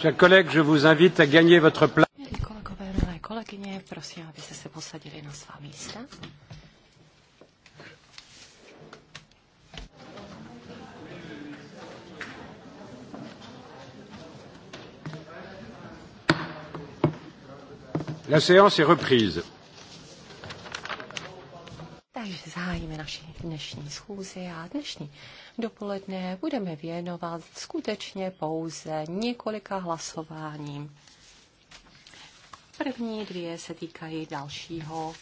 Chers je Kolegové, milé kolegyně, prosím, abyste se posadili na svá místa. La séance est reprise. dnešní schůzi a dnešní dopoledne budeme věnovat skutečně pouze několika hlasováním. První dvě se týkají dalšího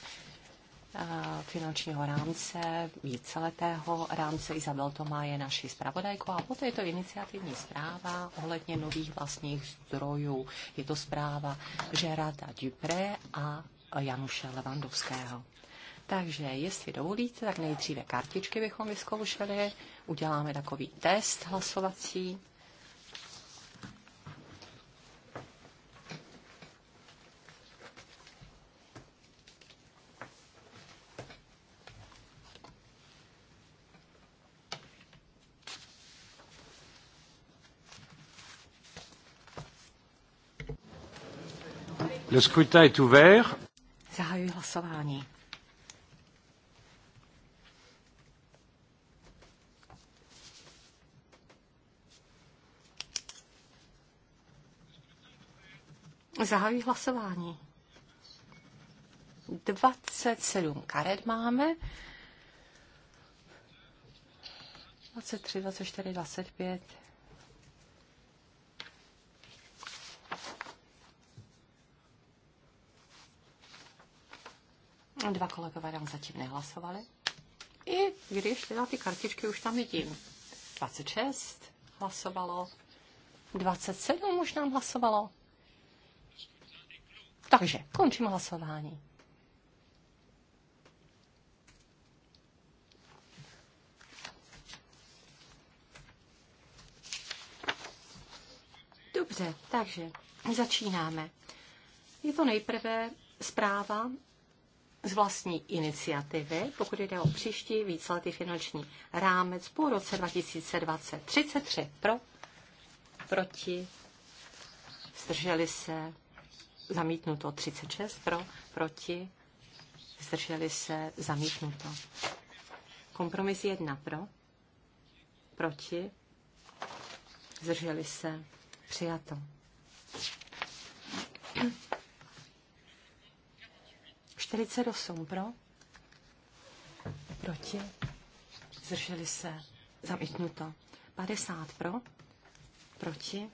eh, finančního rámce, víceletého rámce. Izabel Tomá je naší zpravodajkou a poté je to iniciativní zpráva ohledně nových vlastních zdrojů. Je to zpráva Žerata Dupré a Januše Levandovského. Takže jestli dovolíte, tak nejdříve kartičky bychom vyzkoušeli. Uděláme takový test hlasovací. Le scrutin est ouvert. Zahajuji hlasování. Zahajuji hlasování. 27 karet máme. 23, 24, 25. Dva kolegové tam zatím nehlasovali. I když teda ty kartičky už tam vidím. 26 hlasovalo. 27 už nám hlasovalo. Takže končím hlasování. Dobře, takže začínáme. Je to nejprve zpráva z vlastní iniciativy, pokud jde o příští víceletý finanční rámec po roce 2020. 33 pro, proti, zdrželi se, zamítnuto 36 pro, proti, zdrželi se, zamítnuto. Kompromis 1 pro, proti, zdrželi se, přijato. 48 pro, proti, zdrželi se, zamítnuto. 50 pro, proti,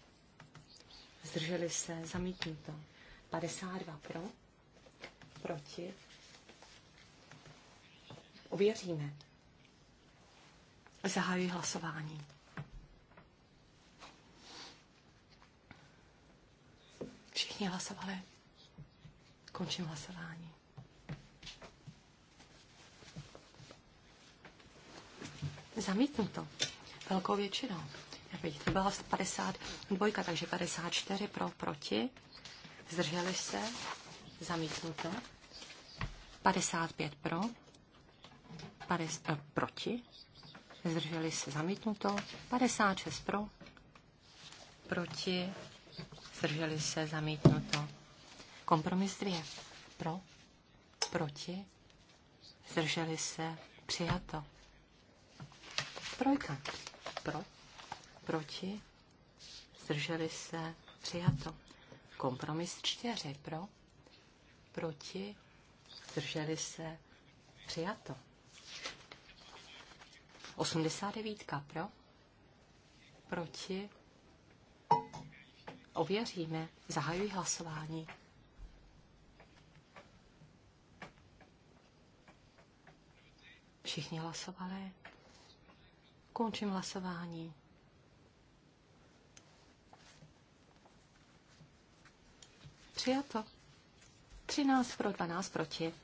zdrželi se, zamítnuto. 52 pro, proti. Uvěříme. Zahajuji hlasování. Všichni hlasovali. Končím hlasování. Zamítnuto. Velkou většinou. bych to byla 52, takže 54 pro, proti zdrželi se, zamítnuto. 55 pro, 50, eh, proti, zdrželi se, zamítnuto. 56 pro, proti, zdrželi se, zamítnuto. Kompromis 2 pro, proti, zdrželi se, přijato. Trojka pro, proti, zdrželi se, přijato. Kompromis čtyři pro, proti, zdrželi se, přijato. 89 pro, proti, ověříme, zahajují hlasování. Všichni hlasovali. Končím hlasování. Přijato. 13 pro, 12 proti.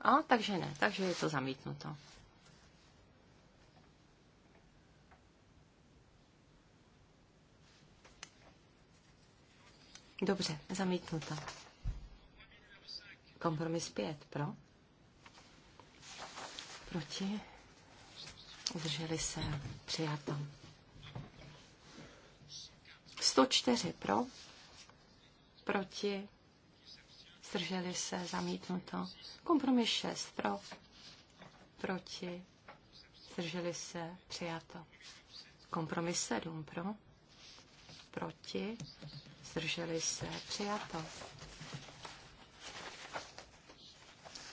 A takže ne, takže je to zamítnuto. Dobře, zamítnuto. Kompromis 5 pro. Proti. Zdrželi se přijatom. 104 pro, proti, zdrželi se, zamítnuto. Kompromis 6 pro, proti, zdrželi se, přijato. Kompromis 7 pro, proti, zdrželi se, přijato.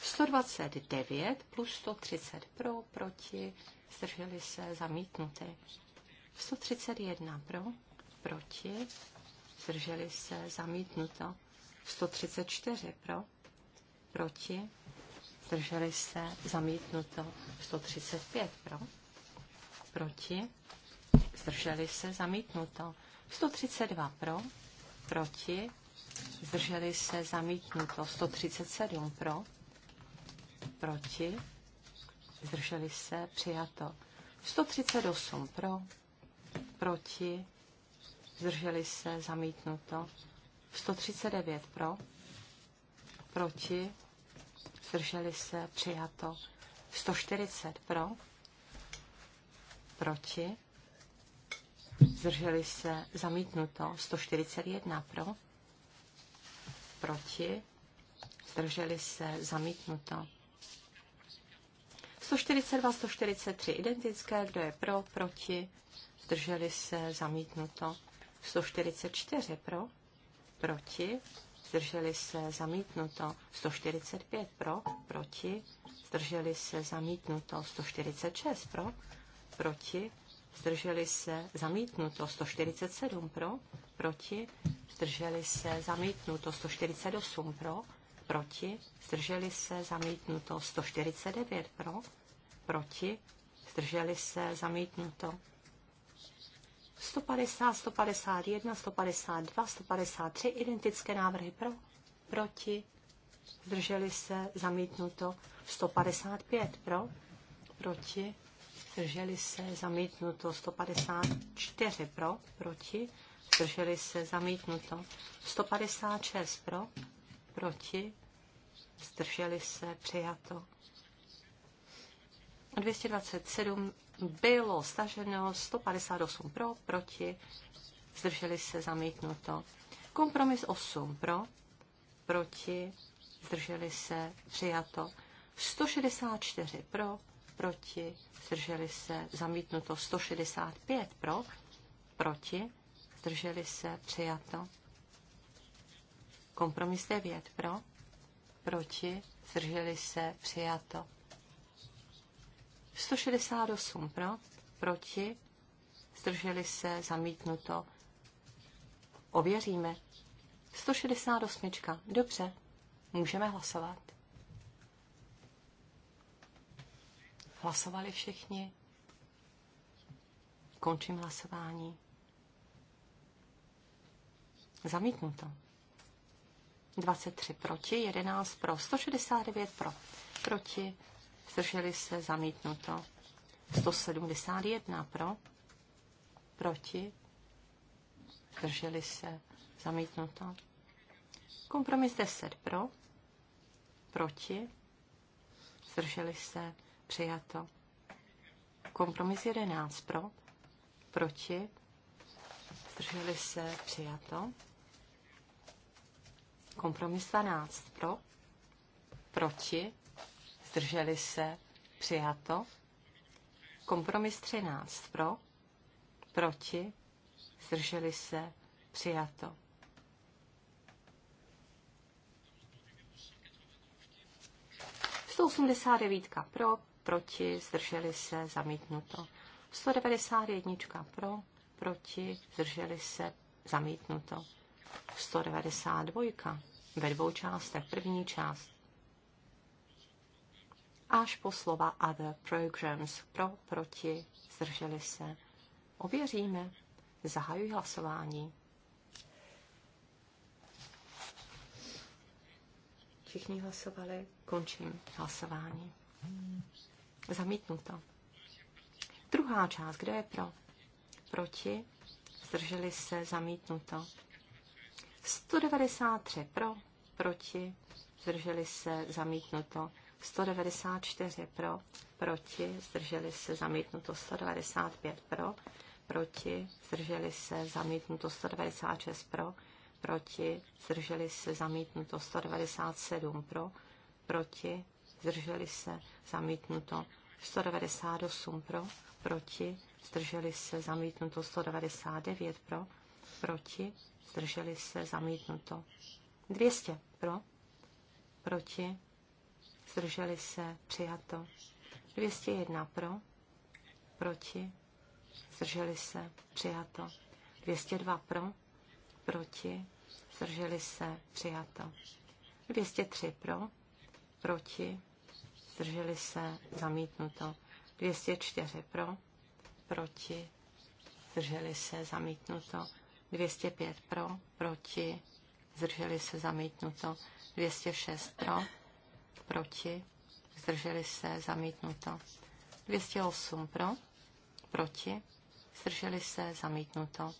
129 plus 130 pro, proti, zdrželi se, zamítnuty. 131 pro, proti, zdrželi se, zamítnuto. 134 pro, proti, zdrželi se, zamítnuto. 135 pro, proti, zdrželi se, zamítnuto. 132 pro, proti, zdrželi se, zamítnuto. 137 pro, proti, zdrželi se, přijato. 138 pro, proti, zdrželi se, zamítnuto. 139 pro, proti, zdrželi se, přijato. 140 pro, proti, zdrželi se, zamítnuto. 141 pro, proti, zdrželi se, zamítnuto. 142, 143 identické, kdo je pro, proti, zdrželi se, zamítnuto. 144 pro, proti, zdrželi se zamítnuto 145 pro, proti, zdrželi se zamítnuto 146 pro, proti, zdrželi se zamítnuto 147 pro, proti, zdrželi se zamítnuto 148 pro, proti, zdrželi se zamítnuto 149 pro, proti, zdrželi se zamítnuto 150, 151, 152, 153, identické návrhy pro, proti, zdrželi se, zamítnuto, 155 pro, proti, zdrželi se, zamítnuto, 154 pro, proti, zdrželi se, zamítnuto, 156 pro, proti, zdrželi se, přijato. 227 bylo staženo 158 pro, proti, zdrželi se zamítnuto. Kompromis 8 pro, proti, zdrželi se přijato. 164 pro, proti, zdrželi se zamítnuto. 165 pro, proti, zdrželi se přijato. Kompromis 9 pro, proti, zdrželi se přijato. 168 pro, proti, zdrželi se, zamítnuto. Ověříme. 168. Dobře, můžeme hlasovat. Hlasovali všichni. Končím hlasování. Zamítnuto. 23 proti, 11 pro, 169 pro, proti, zdrželi se, zamítnuto. 171 pro, proti, zdrželi se, zamítnuto. Kompromis 10 pro, proti, zdrželi se, přijato. Kompromis 11 pro, proti, zdrželi se, přijato. Kompromis 12 pro, proti, zdrželi se, přijato. Kompromis 13 pro, proti, zdrželi se, přijato. devítka pro, proti, zdrželi se, zamítnuto. 191 pro, proti, zdrželi se, zamítnuto. 192 ve dvou částech. První část až po slova other programs. Pro, proti, zdrželi se. Ověříme. Zahajuji hlasování. Všichni hlasovali. Končím hlasování. Zamítnuto. Druhá část. Kdo je pro? Proti? Zdrželi se. Zamítnuto. 193 pro, proti, zdrželi se, zamítnuto. 194 pro, proti, zdrželi se, zamítnuto 195 pro, proti, zdrželi se, zamítnuto 196 pro, proti, zdrželi se, zamítnuto 197 pro, proti, zdrželi se, zamítnuto 198 pro, proti, zdrželi se, zamítnuto 199 pro, proti, zdrželi se, zamítnuto 200 pro, proti, zdrželi se, přijato. 201 pro, proti, zdrželi se, přijato. 202 pro, proti, zdrželi se, přijato. 203 pro, proti, zdrželi se, zamítnuto. 204 pro, proti, zdrželi se, zamítnuto. 205 pro, proti, zdrželi se, zamítnuto. 206 pro, proti, zdrželi se, zamítnuto. 208 pro, proti, zdrželi se, zamítnuto.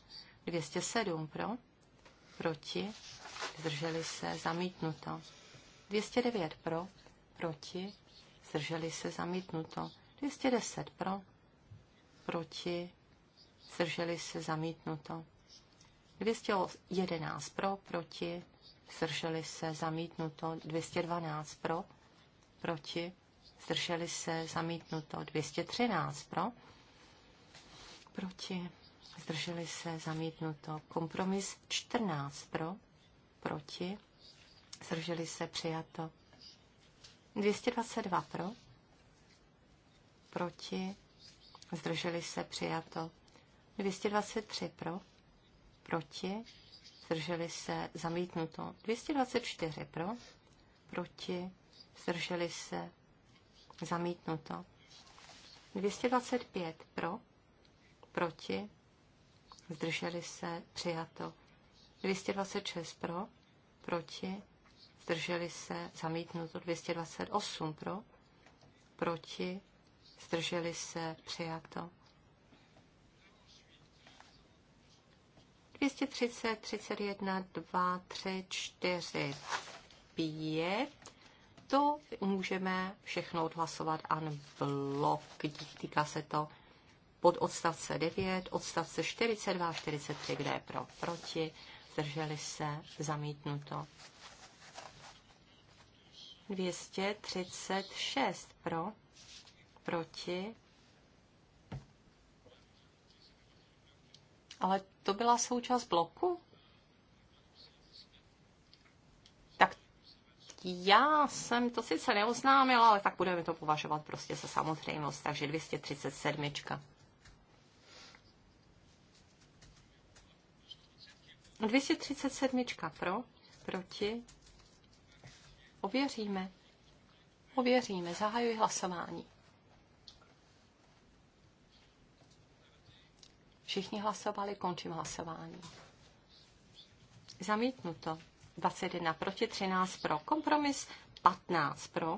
207 pro, proti, zdrželi se, zamítnuto. 209 pro, proti, zdrželi se, zamítnuto. 210 pro, proti, zdrželi se, zamítnuto. 211 pro, proti, zdrželi se, zamítnuto. 212 pro, proti, zdrželi se, zamítnuto 213 pro, proti, zdrželi se, zamítnuto kompromis 14 pro, proti, zdrželi se, přijato 222 pro, proti, zdrželi se, přijato 223 pro, proti, zdrželi se, zamítnuto 224 pro, proti, zdrželi se, zamítnuto. 225 pro, proti, zdrželi se, přijato. 226 pro, proti, zdrželi se, zamítnuto. 228 pro, proti, zdrželi se, přijato. 230, 31, 2, 3, 4, 5 to můžeme všechno odhlasovat an blok. Týká se to pod odstavce 9, odstavce 42 a 43, kde je pro, proti, zdrželi se, zamítnuto. 236 pro, proti, ale to byla součást bloku? Já jsem to sice neoznámila, ale tak budeme to považovat prostě za samozřejmost, takže 237. No 237 pro, proti. Ověříme. Ověříme. Zahajuji hlasování. Všichni hlasovali, končím hlasování. Zamítnuto. 21 proti, 13 pro. Kompromis 15 pro,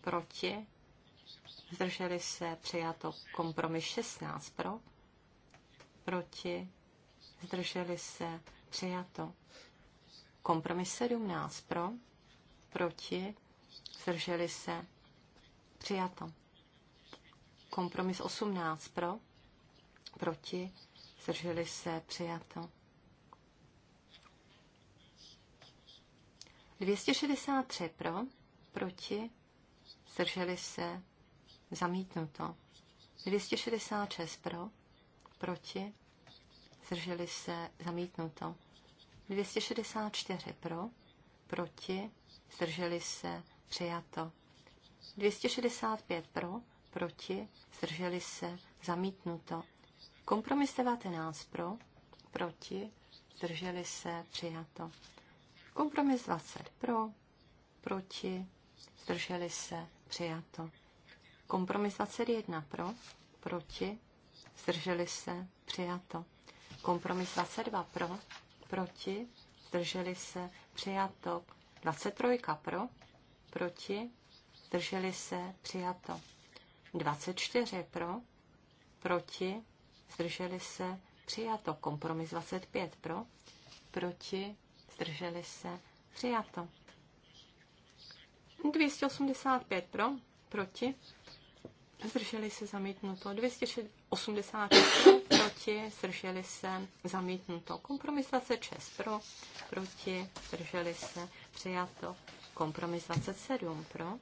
proti, zdrželi se, přijato. Kompromis 16 pro, proti, zdrželi se, přijato. Kompromis 17 pro, proti, zdrželi se, přijato. Kompromis 18 pro, proti, zdrželi se, přijato. 263 pro, proti, zdrželi se, zamítnuto. 266 pro, proti, zdrželi se, zamítnuto. 264 pro, proti, zdrželi se, přijato. 265 pro, proti, zdrželi se, zamítnuto. Kompromis 19 pro, proti, zdrželi se, přijato. Kompromis 20 pro, proti, zdrželi se, přijato. Kompromis 21 pro, proti, zdrželi se, přijato. Kompromis 22 pro, proti, zdrželi se, přijato. 23 pro, proti, zdrželi se, přijato. 24 pro, proti, zdrželi se, přijato. Kompromis 25 pro, proti, zdrželi se, přijato. 285 pro, proti, zdrželi se, zamítnuto. 285 proti, zdrželi se, zamítnuto. Kompromis 26 pro, proti, zdrželi se, přijato. Kompromis 27 pro,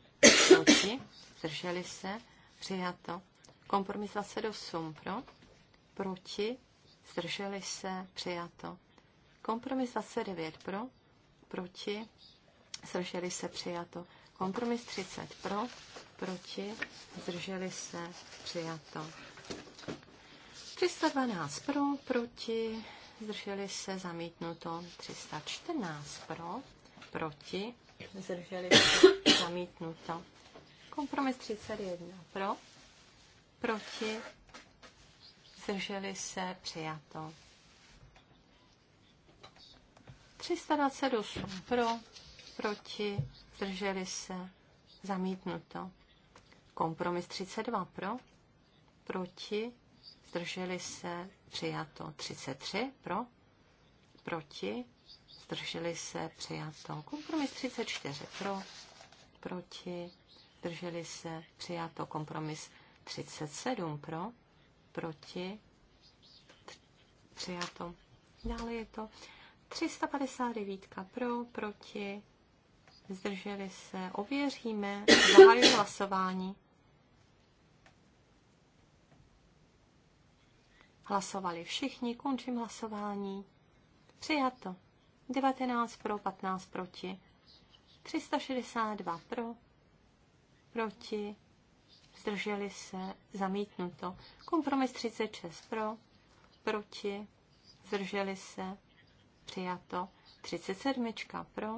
proti, zdrželi se, přijato. Kompromis 28 pro, proti, zdrželi se, přijato. Kompromis 9 pro, proti, zdrželi se přijato. Kompromis 30 pro, proti, zdrželi se přijato. 312 pro, proti, zdrželi se zamítnuto. 314 pro, proti, zdrželi se zamítnuto. Kompromis 31 pro, proti, zdrželi se přijato. 328 pro, proti, zdrželi se, zamítnuto. Kompromis 32 pro, proti, zdrželi se, přijato 33 pro, proti, zdrželi se, přijato. Kompromis 34 pro, proti, zdrželi se, přijato. Kompromis 37 pro, proti, přijato. Dále je to 359 pro, proti, zdrželi se, ověříme, zahajuji hlasování. Hlasovali všichni, končím hlasování. Přijato. 19 pro, 15 proti. 362 pro, proti, zdrželi se, zamítnuto. Kompromis 36 pro, proti, zdrželi se, přijato. 37 pro,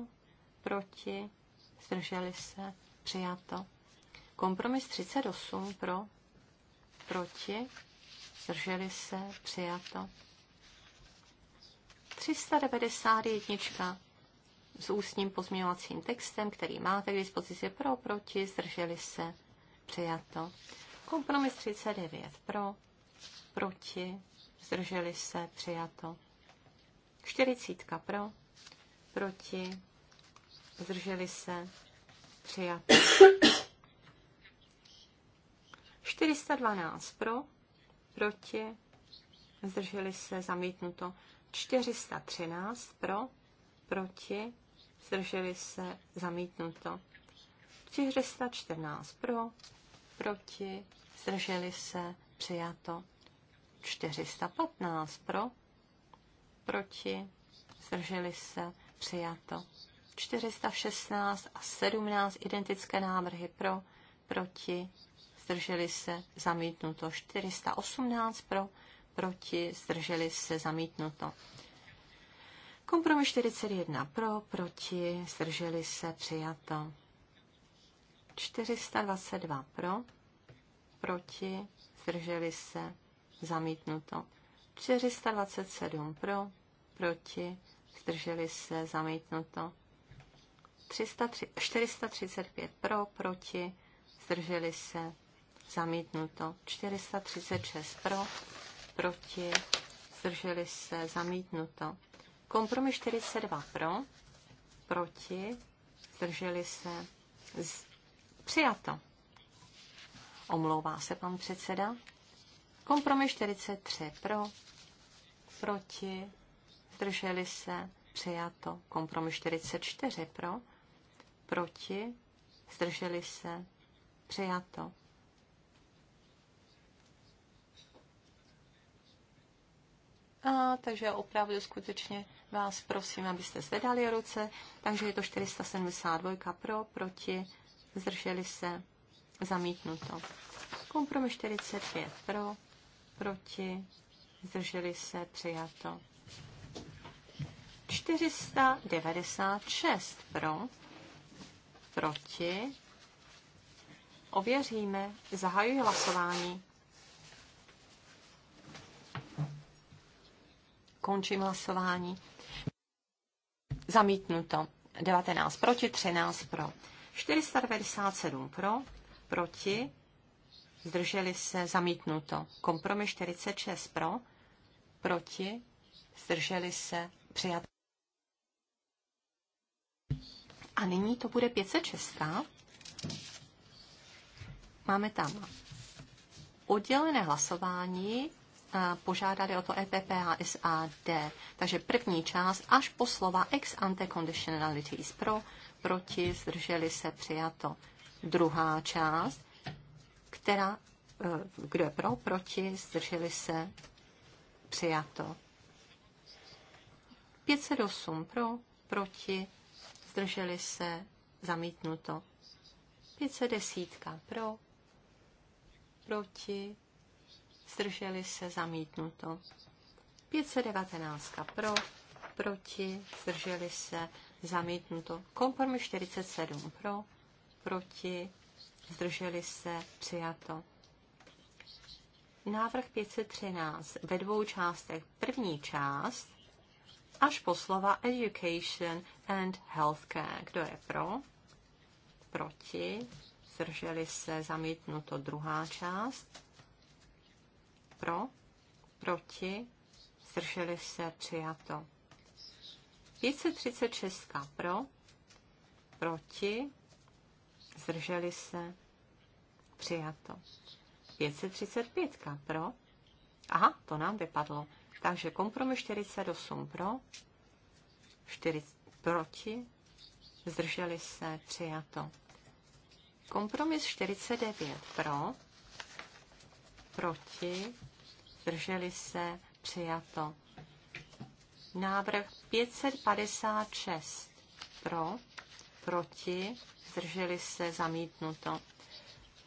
proti, zdrželi se, přijato. Kompromis 38 pro, proti, zdrželi se, přijato. 391 s ústním pozměňovacím textem, který máte k dispozici pro, proti, zdrželi se, přijato. Kompromis 39 pro, proti, zdrželi se, přijato. 40 pro, proti, zdrželi se, přijato. 412 pro, proti, zdrželi se, zamítnuto. 413 pro, proti, zdrželi se, zamítnuto. 414 pro, proti, zdrželi se, přijato. 415 pro, proti, zdrželi se, přijato. 416 a 17 identické návrhy pro, proti, zdrželi se, zamítnuto. 418 pro, proti, zdrželi se, zamítnuto. Kompromis 41 pro, proti, zdrželi se, přijato. 422 pro, proti, zdrželi se, zamítnuto. 427 pro, proti, zdrželi se, zamítnuto. 435 pro, proti, zdrželi se, zamítnuto. 436 pro, proti, zdrželi se, zamítnuto. Kompromis 42 pro, proti, zdrželi se, z, přijato. Omlouvá se pan předseda. Kompromis 43 pro, proti, zdrželi se, přijato. Kompromis 44 pro, proti, zdrželi se, přijato. A, takže opravdu skutečně vás prosím, abyste zvedali ruce. Takže je to 472 pro, proti, zdrželi se, zamítnuto. Kompromis 45 pro, proti, zdrželi se, přijato. 496 pro, proti, ověříme, zahajuji hlasování. Končím hlasování. Zamítnuto. 19 proti, 13 pro. 497 pro, proti, zdrželi se, zamítnuto. Kompromis 46 pro, proti, zdrželi se, přijat. A nyní to bude 506. Máme tam oddělené hlasování, požádali o to EPP a SAD. Takže první část až po slova ex ante conditionalities pro, proti, zdrželi se, přijato. Druhá část která, eh, kdo je pro, proti, zdrželi se, přijato. 508 pro, proti, zdrželi se, zamítnuto. 510 pro, proti, zdrželi se, zamítnuto. 519 pro, proti, zdrželi se, zamítnuto. Kompromis 47 pro, proti, zdrželi se, přijato. Návrh 513 ve dvou částech. První část až po slova education and healthcare. Kdo je pro? Proti? Zdrželi se zamítnuto druhá část. Pro? Proti? Zdrželi se přijato. 536 pro? Proti? zdrželi se, přijato. 535 pro. Aha, to nám vypadlo. Takže kompromis 48 pro, 4 proti, zdrželi se, přijato. Kompromis 49 pro, proti, zdrželi se, přijato. Návrh 556 pro, proti, zdrželi se, zamítnuto.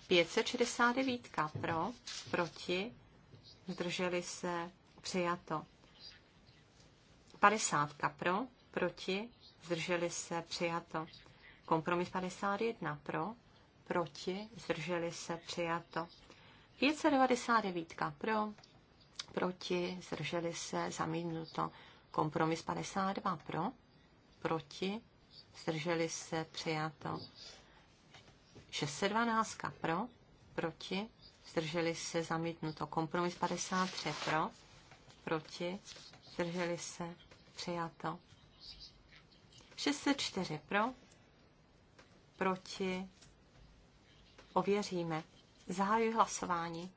569 pro, proti, zdrželi se, přijato. 50 pro, proti, zdrželi se, přijato. Kompromis 51 pro, proti, zdrželi se, přijato. 599 pro, proti, zdrželi se, zamítnuto. Kompromis 52 pro, proti, zdrželi se, přijato. 612 pro, proti, zdrželi se, zamítnuto. Kompromis 53 pro, proti, zdrželi se, přijato. 604 pro, proti, ověříme. Zahajuji hlasování.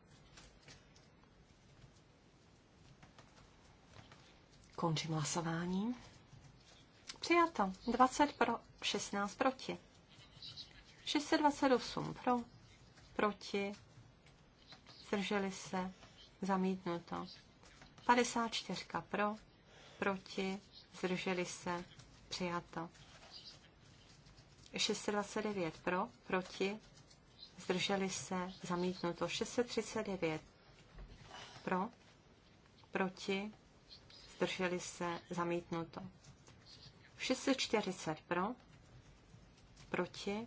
Končím hlasování. Přijato. 20 pro, 16 proti. 628 pro, proti, zdrželi se, zamítnuto. 54 pro, proti, zdrželi se, přijato. 629 pro, proti, zdrželi se, zamítnuto. 639 pro, proti, zdrželi se, zamítnuto. 640 pro, proti,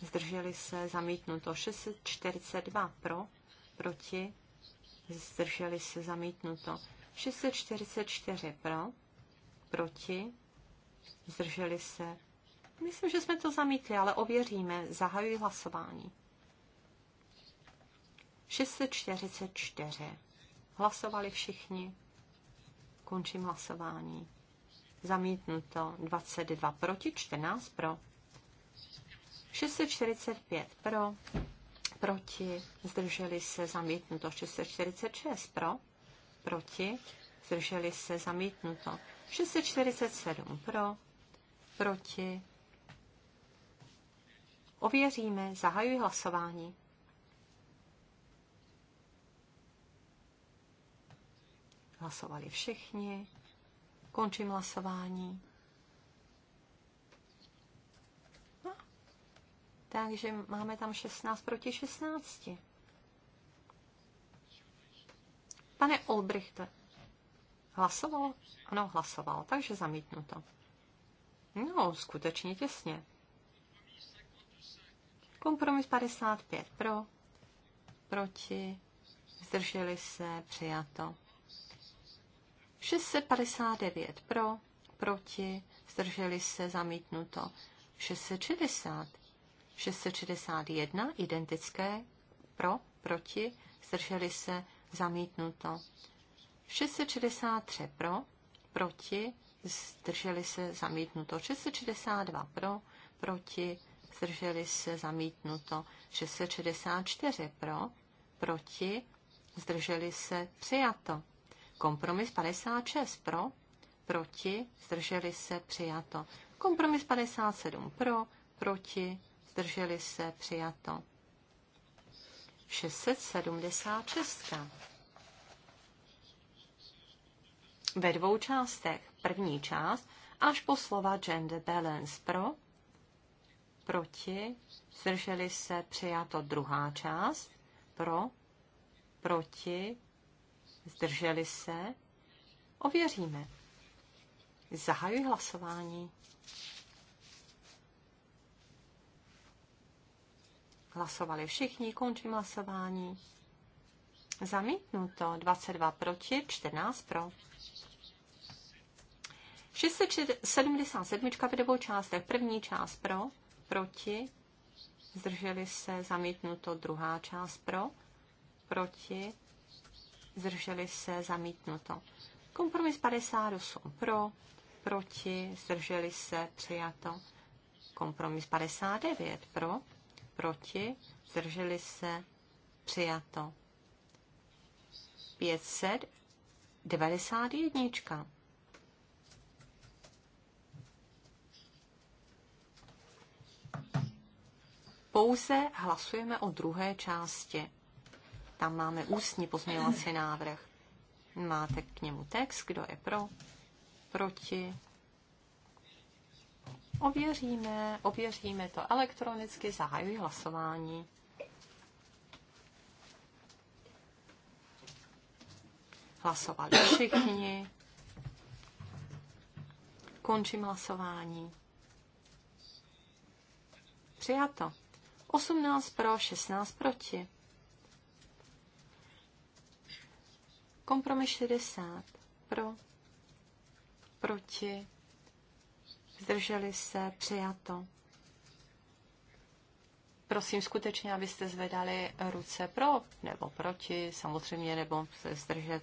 zdrželi se, zamítnuto. 642 pro, proti, zdrželi se, zamítnuto. 644 pro, proti, zdrželi se. Myslím, že jsme to zamítli, ale ověříme. Zahajuji hlasování. 644. Hlasovali všichni. Končím hlasování zamítnuto 22 proti, 14 pro. 645 pro, proti, zdrželi se zamítnuto 646 pro, proti, zdrželi se zamítnuto 647 pro, proti. Ověříme, zahajuji hlasování. Hlasovali všichni, Končím hlasování. No. Takže máme tam 16 proti 16. Pane Olbrichte, hlasoval? Ano, hlasoval, takže zamítnu to. No, skutečně těsně. Kompromis 55 pro, proti, zdrželi se, přijato. 659 pro, proti, zdrželi se, zamítnuto. 660, 661, identické, pro, proti, zdrželi se, zamítnuto. 663 pro, proti, zdrželi se, zamítnuto. 662 pro, proti, zdrželi se, zamítnuto. 664 pro, proti, zdrželi se, přijato. Kompromis 56 pro, proti, zdrželi se, přijato. Kompromis 57 pro, proti, zdrželi se, přijato. 676. Ve dvou částech. První část až po slova gender balance pro, proti, zdrželi se, přijato druhá část, pro, proti, zdrželi se, ověříme. Zahajuji hlasování. Hlasovali všichni, končím hlasování. Zamítnuto 22 proti, 14 pro. 677 v dvou částech. První část pro, proti, zdrželi se, zamítnuto druhá část pro, proti, zdrželi se, zamítnuto. Kompromis 58 pro, proti, zdrželi se, přijato. Kompromis 59 pro, proti, zdrželi se, přijato. 591. Pouze hlasujeme o druhé části. Tam máme ústní pozměňovací návrh. Máte k němu text, kdo je pro, proti. Ověříme, ověříme to elektronicky, zahajuji hlasování. Hlasovali všichni. Končím hlasování. Přijato. 18 pro, 16 proti. Kompromis 60. Pro, proti, zdrželi se, přijato. Prosím skutečně, abyste zvedali ruce pro nebo proti, samozřejmě, nebo se zdržet.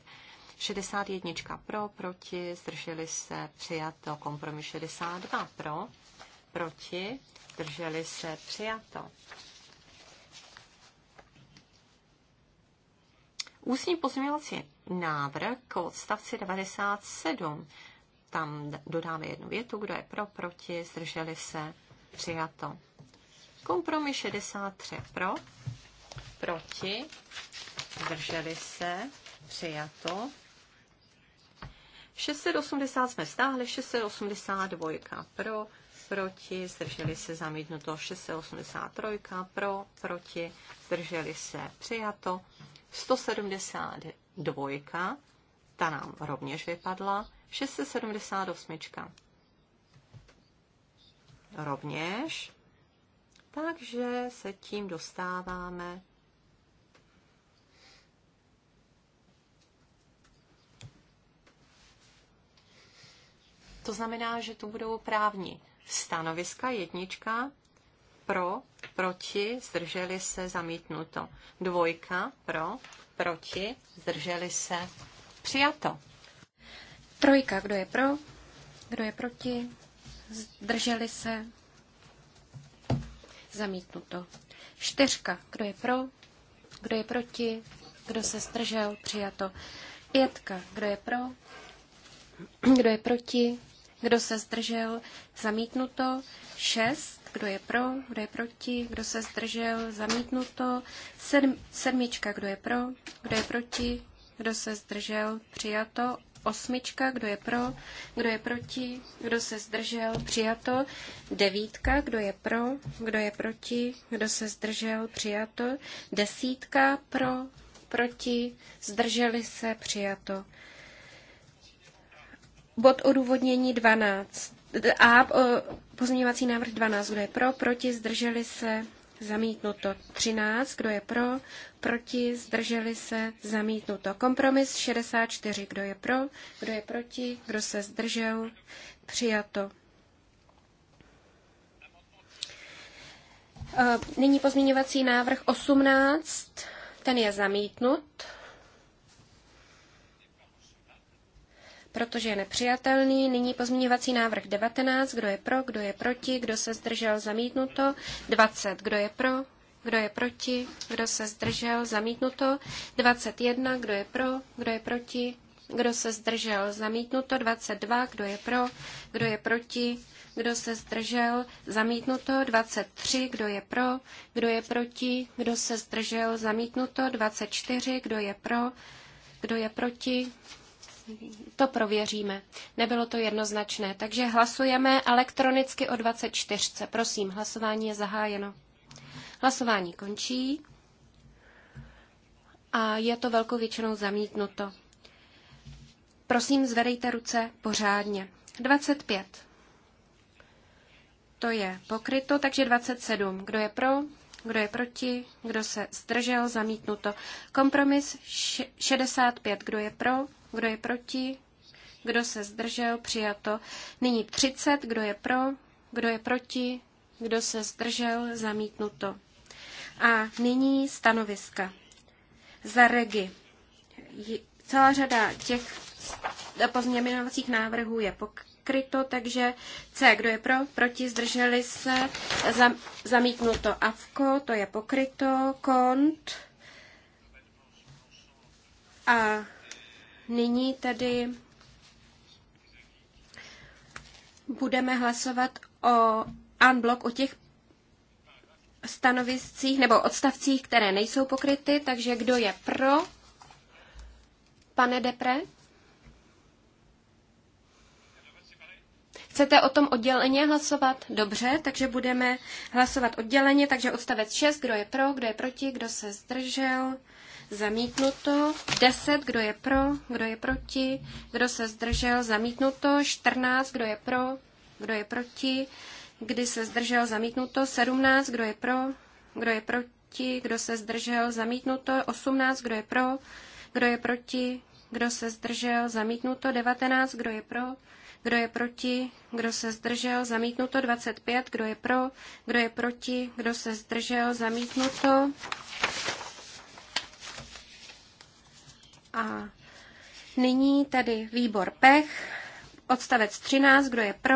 61 pro, proti, zdrželi se, přijato. Kompromis 62 pro, proti, zdrželi se, přijato. Ústní pozměňovací návrh k odstavci 97. Tam dodáme jednu větu, kdo je pro, proti, zdrželi se, přijato. Kompromis 63 pro, proti, zdrželi se, přijato. 680 jsme stáhli, 682 pro, proti, zdrželi se zamítnuto 683 pro, proti, zdrželi se přijato, 172, ta nám rovněž vypadla. 678 rovněž. Takže se tím dostáváme To znamená, že tu budou právní stanoviska jednička pro, proti, zdrželi se, zamítnuto. Dvojka, pro, proti, zdrželi se, přijato. Trojka, kdo je pro, kdo je proti, zdrželi se, zamítnuto. Čtyřka, kdo je pro, kdo je proti, kdo se zdržel, přijato. Pětka, kdo je pro, kdo je proti, kdo se zdržel, zamítnuto. Šest, kdo je pro? Kdo je proti? Kdo se zdržel? Zamítnuto. Sedm, sedmička. Kdo je pro? Kdo je proti? Kdo se zdržel? Přijato. Osmička, kdo je pro, kdo je proti, kdo se zdržel, přijato. Devítka, kdo je pro, kdo je proti, kdo se zdržel, přijato. Desítka, pro, proti, zdrželi se, přijato. Bod odůvodnění 12. A pozměňovací návrh 12, kdo je pro, proti, zdrželi se, zamítnuto 13, kdo je pro, proti, zdrželi se, zamítnuto. Kompromis 64, kdo je pro, kdo je proti, kdo se zdržel, přijato. E, nyní pozměňovací návrh 18, ten je zamítnut. protože je nepřijatelný. Nyní pozměňovací návrh 19. Kdo je pro, kdo je proti, kdo se zdržel, zamítnuto. 20. Kdo je pro, kdo je proti, kdo se zdržel, zamítnuto. 21. Kdo je pro, kdo je proti, kdo se zdržel, zamítnuto. 22. Kdo je pro, kdo je proti, kdo se zdržel, zamítnuto 23, kdo je pro, kdo je proti, kdo se zdržel, zamítnuto 24, kdo je pro, kdo je proti, to prověříme. Nebylo to jednoznačné, takže hlasujeme elektronicky o 24. Prosím, hlasování je zahájeno. Hlasování končí a je to velkou většinou zamítnuto. Prosím, zvedejte ruce pořádně. 25. To je pokryto, takže 27. Kdo je pro? Kdo je proti? Kdo se zdržel? Zamítnuto. Kompromis 65. Kdo je pro? Kdo je proti? Kdo se zdržel? Přijato. Nyní 30. Kdo je pro? Kdo je proti? Kdo se zdržel? Zamítnuto. A nyní stanoviska. Za regi. Celá řada těch pozměňovacích návrhů je pokryto, takže C, kdo je pro, proti, zdrželi se, zam, zamítnuto avko, to je pokryto, kont a Nyní tedy budeme hlasovat o unblock o těch stanoviscích nebo odstavcích, které nejsou pokryty, takže kdo je pro? Pane Depre? Chcete o tom odděleně hlasovat? Dobře, takže budeme hlasovat odděleně, takže odstavec 6, kdo je pro, kdo je proti, kdo se zdržel, zamítnuto. 10, kdo je pro, kdo je proti, kdo se zdržel, zamítnuto. 14, kdo je pro, kdo je proti, kdy se zdržel, zamítnuto. 17, kdo je pro, kdo je proti, kdo se zdržel, zamítnuto. 18, kdo je pro, kdo je proti, kdo se zdržel, zamítnuto. 19, kdo je pro, kdo je proti? Kdo se zdržel? Zamítnuto 25. Kdo je pro? Kdo je proti? Kdo se zdržel? Zamítnuto. A nyní tady výbor PECH, odstavec 13, kdo je pro,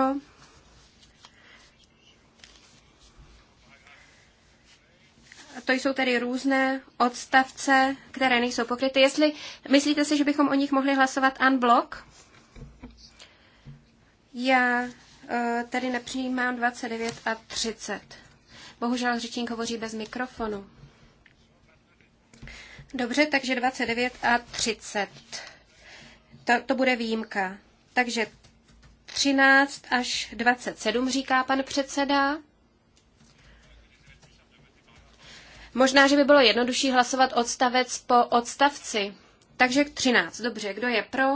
to jsou tedy různé odstavce, které nejsou pokryty. Jestli myslíte si, že bychom o nich mohli hlasovat unblock? Já eh, tady nepřijímám 29 a 30. Bohužel řečník hovoří bez mikrofonu. Dobře, takže 29 a 30. To, to bude výjimka. Takže 13 až 27, říká pan předseda. Možná, že by bylo jednodušší hlasovat odstavec po odstavci. Takže 13. Dobře, kdo je pro?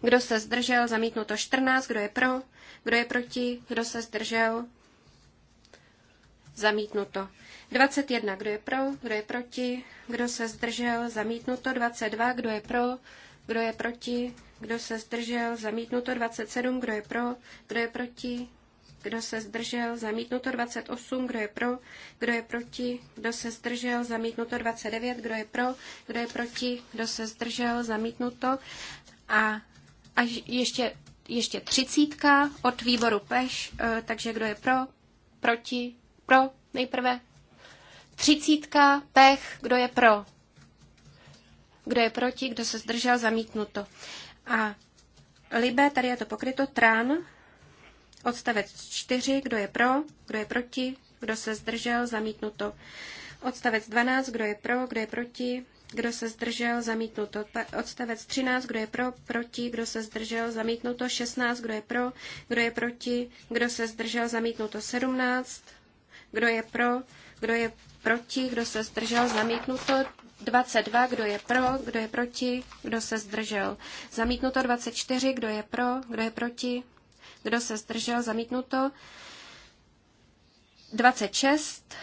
Kdo se zdržel? Zamítnuto 14. Kdo je pro? Kdo je proti? Kdo se zdržel? Zamítnuto. 21. Kdo je pro? Kdo je proti? Kdo se zdržel? Zamítnuto. 22. Kdo je pro? Kdo je proti? Kdo se zdržel? Zamítnuto. 27. Kdo je pro? Kdo je proti? Kdo se zdržel? Zamítnuto 28. Kdo je pro? Kdo je proti? Kdo se zdržel? Zamítnuto 29. Kdo je pro? Kdo je proti? Kdo se zdržel? Zamítnuto. A až ještě, ještě třicítka od výboru PEŠ, takže kdo je pro? Proti? pro nejprve. Třicítka, pech, kdo je pro. Kdo je proti, kdo se zdržel, zamítnuto. A Libe, tady je to pokryto, trán. odstavec čtyři. kdo je pro, kdo je proti, kdo se zdržel, zamítnuto. Odstavec 12, kdo je pro, kdo je proti, kdo se zdržel, zamítnuto. Odstavec 13, kdo je pro, proti, kdo se zdržel, zamítnuto. 16, kdo je pro, kdo je proti, kdo se zdržel, zamítnuto. 17, kdo je pro? Kdo je proti? Kdo se zdržel? Zamítnuto. 22. Kdo je pro? Kdo je proti? Kdo se zdržel? Zamítnuto. 24. Kdo je pro? Kdo je proti? Kdo se zdržel? Zamítnuto. 26.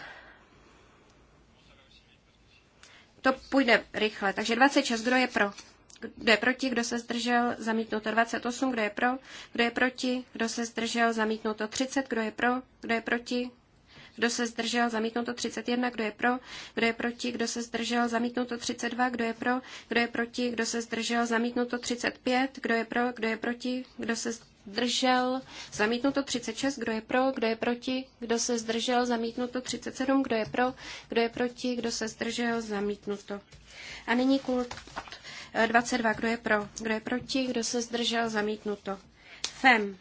To půjde rychle. Takže 26. Kdo je pro? Kdo je proti? Kdo se zdržel? Zamítnuto 28. Kdo je pro? Kdo je proti? Kdo se zdržel? Zamítnuto 30. Kdo je pro? Kdo je proti? kdo se zdržel, zamítnuto 31, kdo je pro, kdo je proti, kdo se zdržel, zamítnuto 32, kdo je pro, kdo je proti, kdo se zdržel, zamítnuto 35, kdo je pro, kdo je proti, kdo se zdržel, zamítnuto 36, kdo je pro, kdo je proti, kdo se zdržel, zamítnuto 37, kdo je pro, kdo je proti, kdo se zdržel, zamítnuto. A nyní kult 22, kdo je pro, kdo je proti, kdo se zdržel, zamítnuto. FEM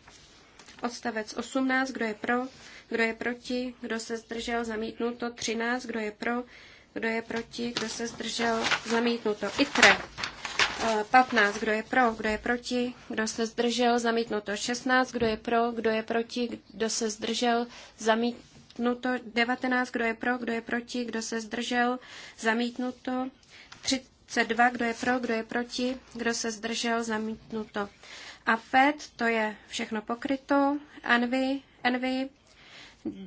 Odstavec 18, kdo je pro, kdo je proti, kdo se zdržel, zamítnuto. 13, kdo je pro, kdo je proti, kdo se zdržel, zamítnuto. ITRE 15, kdo je pro, kdo je proti, kdo se zdržel, zamítnuto. 16, kdo je pro, kdo je proti, kdo se zdržel, zamítnuto. 19, kdo je pro, kdo je proti, kdo se zdržel, zamítnuto. 32, kdo je pro, kdo je proti, kdo se zdržel, zamítnuto. A FED, to je všechno pokryto. Envy, Envy,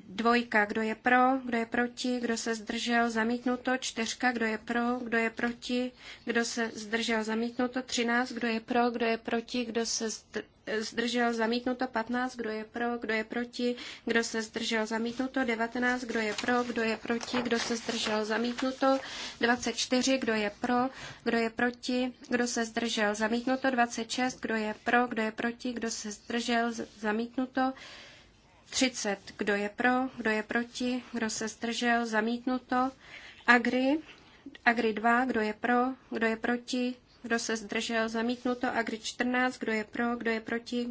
dvojka, kdo je pro, kdo je proti, kdo se zdržel, zamítnuto, čtyřka, kdo je pro, kdo je proti, kdo se zdržel, zamítnuto, třináct, kdo je pro, kdo je proti, kdo se zdržel, zdržel zamítnuto 15, kdo je pro, kdo je proti, kdo se zdržel zamítnuto 19, kdo je pro, kdo je proti, kdo se zdržel zamítnuto 24, kdo je pro, kdo je proti, kdo se zdržel zamítnuto 26, kdo je pro, kdo je proti, kdo se zdržel zamítnuto 30, kdo je pro, kdo je proti, kdo se zdržel zamítnuto Agri, Agri 2, kdo je pro, kdo je proti, kdo se zdržel, zamítnuto, kdy 14, kdo je pro, kdo je proti,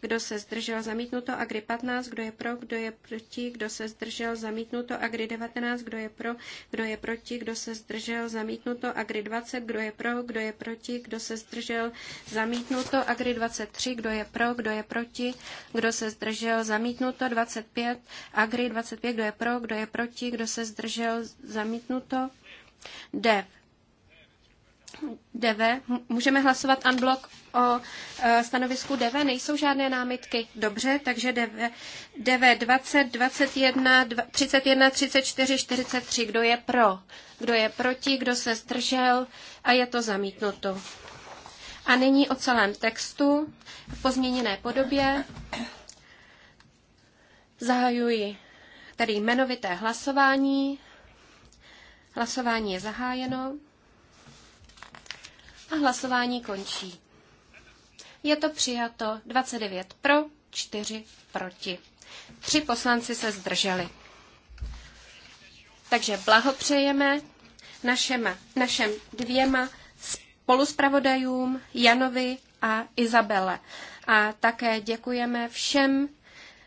kdo se zdržel, zamítnuto, kdy 15, kdo je pro, kdo je proti, kdo se zdržel, zamítnuto, kdy 19, kdo je pro, kdo je proti, kdo se zdržel, zamítnuto, kdy 20, kdo je pro, kdo je proti, kdo se zdržel, zamítnuto, kdy 23, kdo je pro, kdo je proti, kdo se zdržel, zamítnuto, 25, kdy 25, kdo je pro, kdo je proti, kdo se zdržel, zamítnuto, Dev DV. Můžeme hlasovat unblock o e, stanovisku DV. Nejsou žádné námitky. Dobře, takže DV, DV 20, 21, 31, 34, 43. Kdo je pro? Kdo je proti? Kdo se zdržel? A je to zamítnuto. A nyní o celém textu v pozměněné podobě. Zahajuji tedy jmenovité hlasování. Hlasování je zahájeno. A hlasování končí. Je to přijato 29 pro, 4 proti. Tři poslanci se zdrželi. Takže blahopřejeme našema, našem dvěma spoluspravodajům Janovi a Izabele. A také děkujeme všem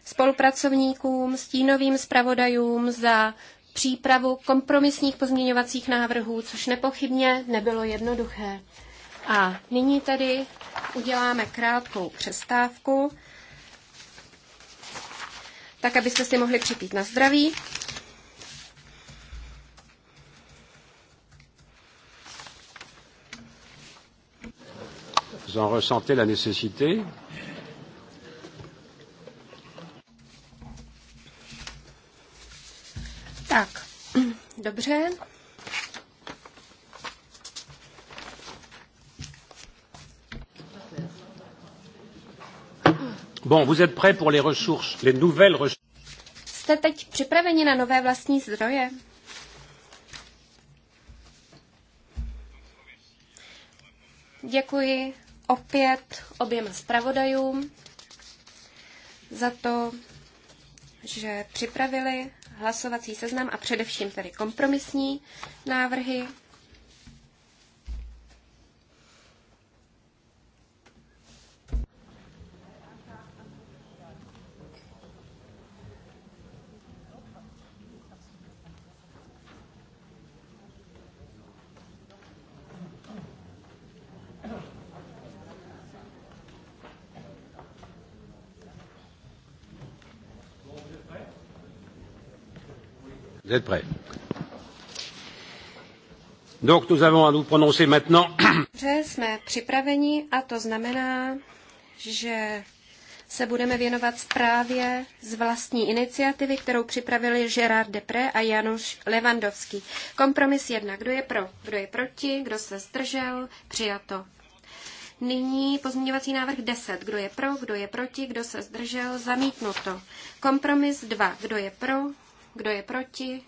spolupracovníkům, stínovým zpravodajům za přípravu kompromisních pozměňovacích návrhů, což nepochybně nebylo jednoduché. A nyní tedy uděláme krátkou přestávku, tak abyste si mohli připít na zdraví. Vous en la nécessité Tak, dobře. Bon, vous êtes prêts pour les ressources, les nouvelles ressources. Jste teď připraveni na nové vlastní zdroje? Děkuji opět oběma zpravodajům za to, že připravili hlasovací seznam a především tedy kompromisní návrhy. Vous êtes prêts Donc nous avons à nous prononcer maintenant. Dobře, jsme připraveni a to znamená, že se budeme věnovat zprávě z vlastní iniciativy, kterou připravili Gerard Depré a Januš Levandovský. Kompromis jedna. Kdo je pro? Kdo je proti? Kdo se zdržel? Přijato. Nyní pozměňovací návrh 10. Kdo je pro? Kdo je proti? Kdo se zdržel? Zamítnuto. Kompromis 2. Kdo je pro? Kdo je proti?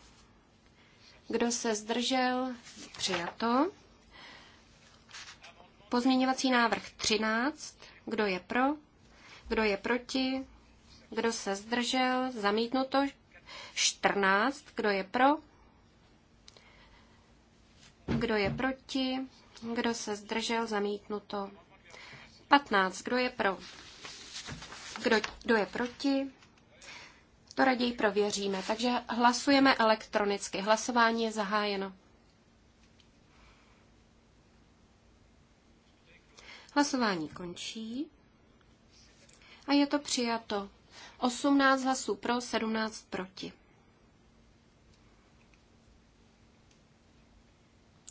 Kdo se zdržel? Přijato. Pozměňovací návrh 13. Kdo je pro? Kdo je proti? Kdo se zdržel? Zamítnuto. 14. Kdo je pro? Kdo je proti? Kdo se zdržel? Zamítnuto. 15. Kdo je pro? Kdo, kdo je proti? to raději prověříme. Takže hlasujeme elektronicky. Hlasování je zahájeno. Hlasování končí a je to přijato. 18 hlasů pro, 17 proti.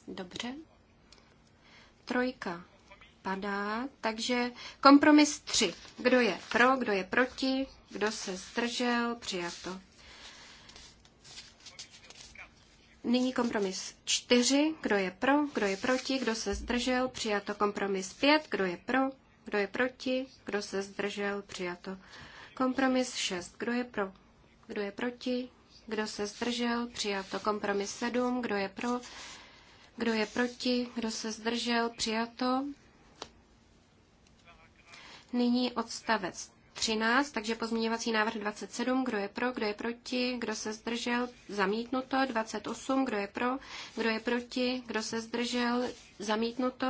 Dobře. Trojka padá, takže kompromis 3. Kdo je pro, kdo je proti, kdo se zdržel, přijato. Nyní kompromis 4. Kdo je pro, kdo je proti, kdo se zdržel, přijato. Kompromis 5. Kdo je pro, kdo je proti, kdo se zdržel, přijato. Kompromis 6. Kdo je pro, kdo je proti, kdo se zdržel, přijato. Kompromis 7. Kdo je pro, kdo je proti, kdo se zdržel, přijato. Nyní odstavec 13, takže pozměňovací návrh 27, kdo je pro, kdo je proti, kdo se zdržel, zamítnuto, 28, kdo je pro, kdo je proti, kdo se zdržel, zamítnuto,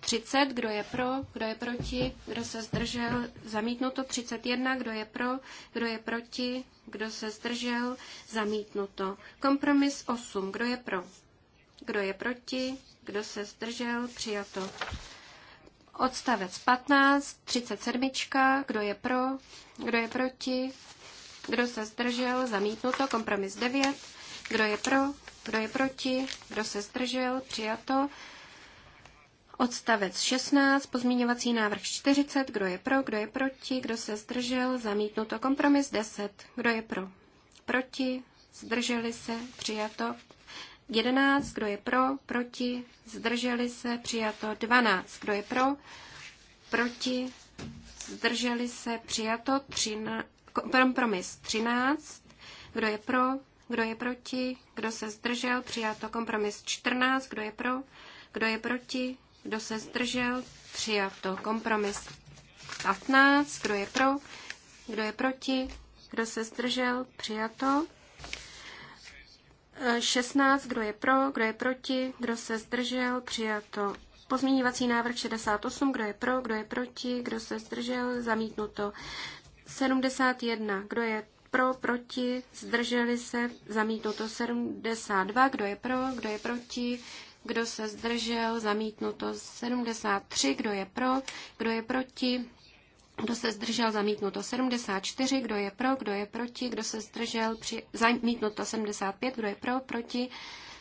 30, kdo je pro, kdo je proti, kdo se zdržel, zamítnuto, 31, kdo je pro, kdo je proti, kdo se zdržel, zamítnuto. Kompromis 8, kdo je pro, kdo je proti, kdo se zdržel, přijato. Odstavec 15, 37. Kdo je pro? Kdo je proti? Kdo se zdržel? Zamítnuto. Kompromis 9. Kdo je pro? Kdo je proti? Kdo se zdržel? Přijato. Odstavec 16, pozměňovací návrh 40, kdo je pro, kdo je proti, kdo se zdržel, zamítnuto kompromis 10, kdo je pro, proti, zdrželi se, přijato 11, kdo je pro, proti, zdrželi se, přijato 12, kdo je pro, proti, zdrželi se, přijato 13, kompromis 13, kdo je pro, kdo je proti, kdo se zdržel, přijato kompromis 14, kdo je pro, kdo je proti, kdo se zdržel, přijato kompromis 15, kdo je pro, kdo je proti, kdo se zdržel, přijato 16, kdo je pro, kdo je proti, kdo se zdržel, přijato. Pozměňovací návrh 68, kdo je pro, kdo je proti, kdo se zdržel, zamítnuto. 71, kdo je pro, proti, zdrželi se, zamítnuto. 72, kdo je pro, kdo je proti, kdo se zdržel, zamítnuto. 73, kdo je pro, kdo je proti, kdo se zdržel, zamítnuto 74, kdo je pro, kdo je proti, kdo se zdržel, při... zamítnuto 75, kdo je pro, proti,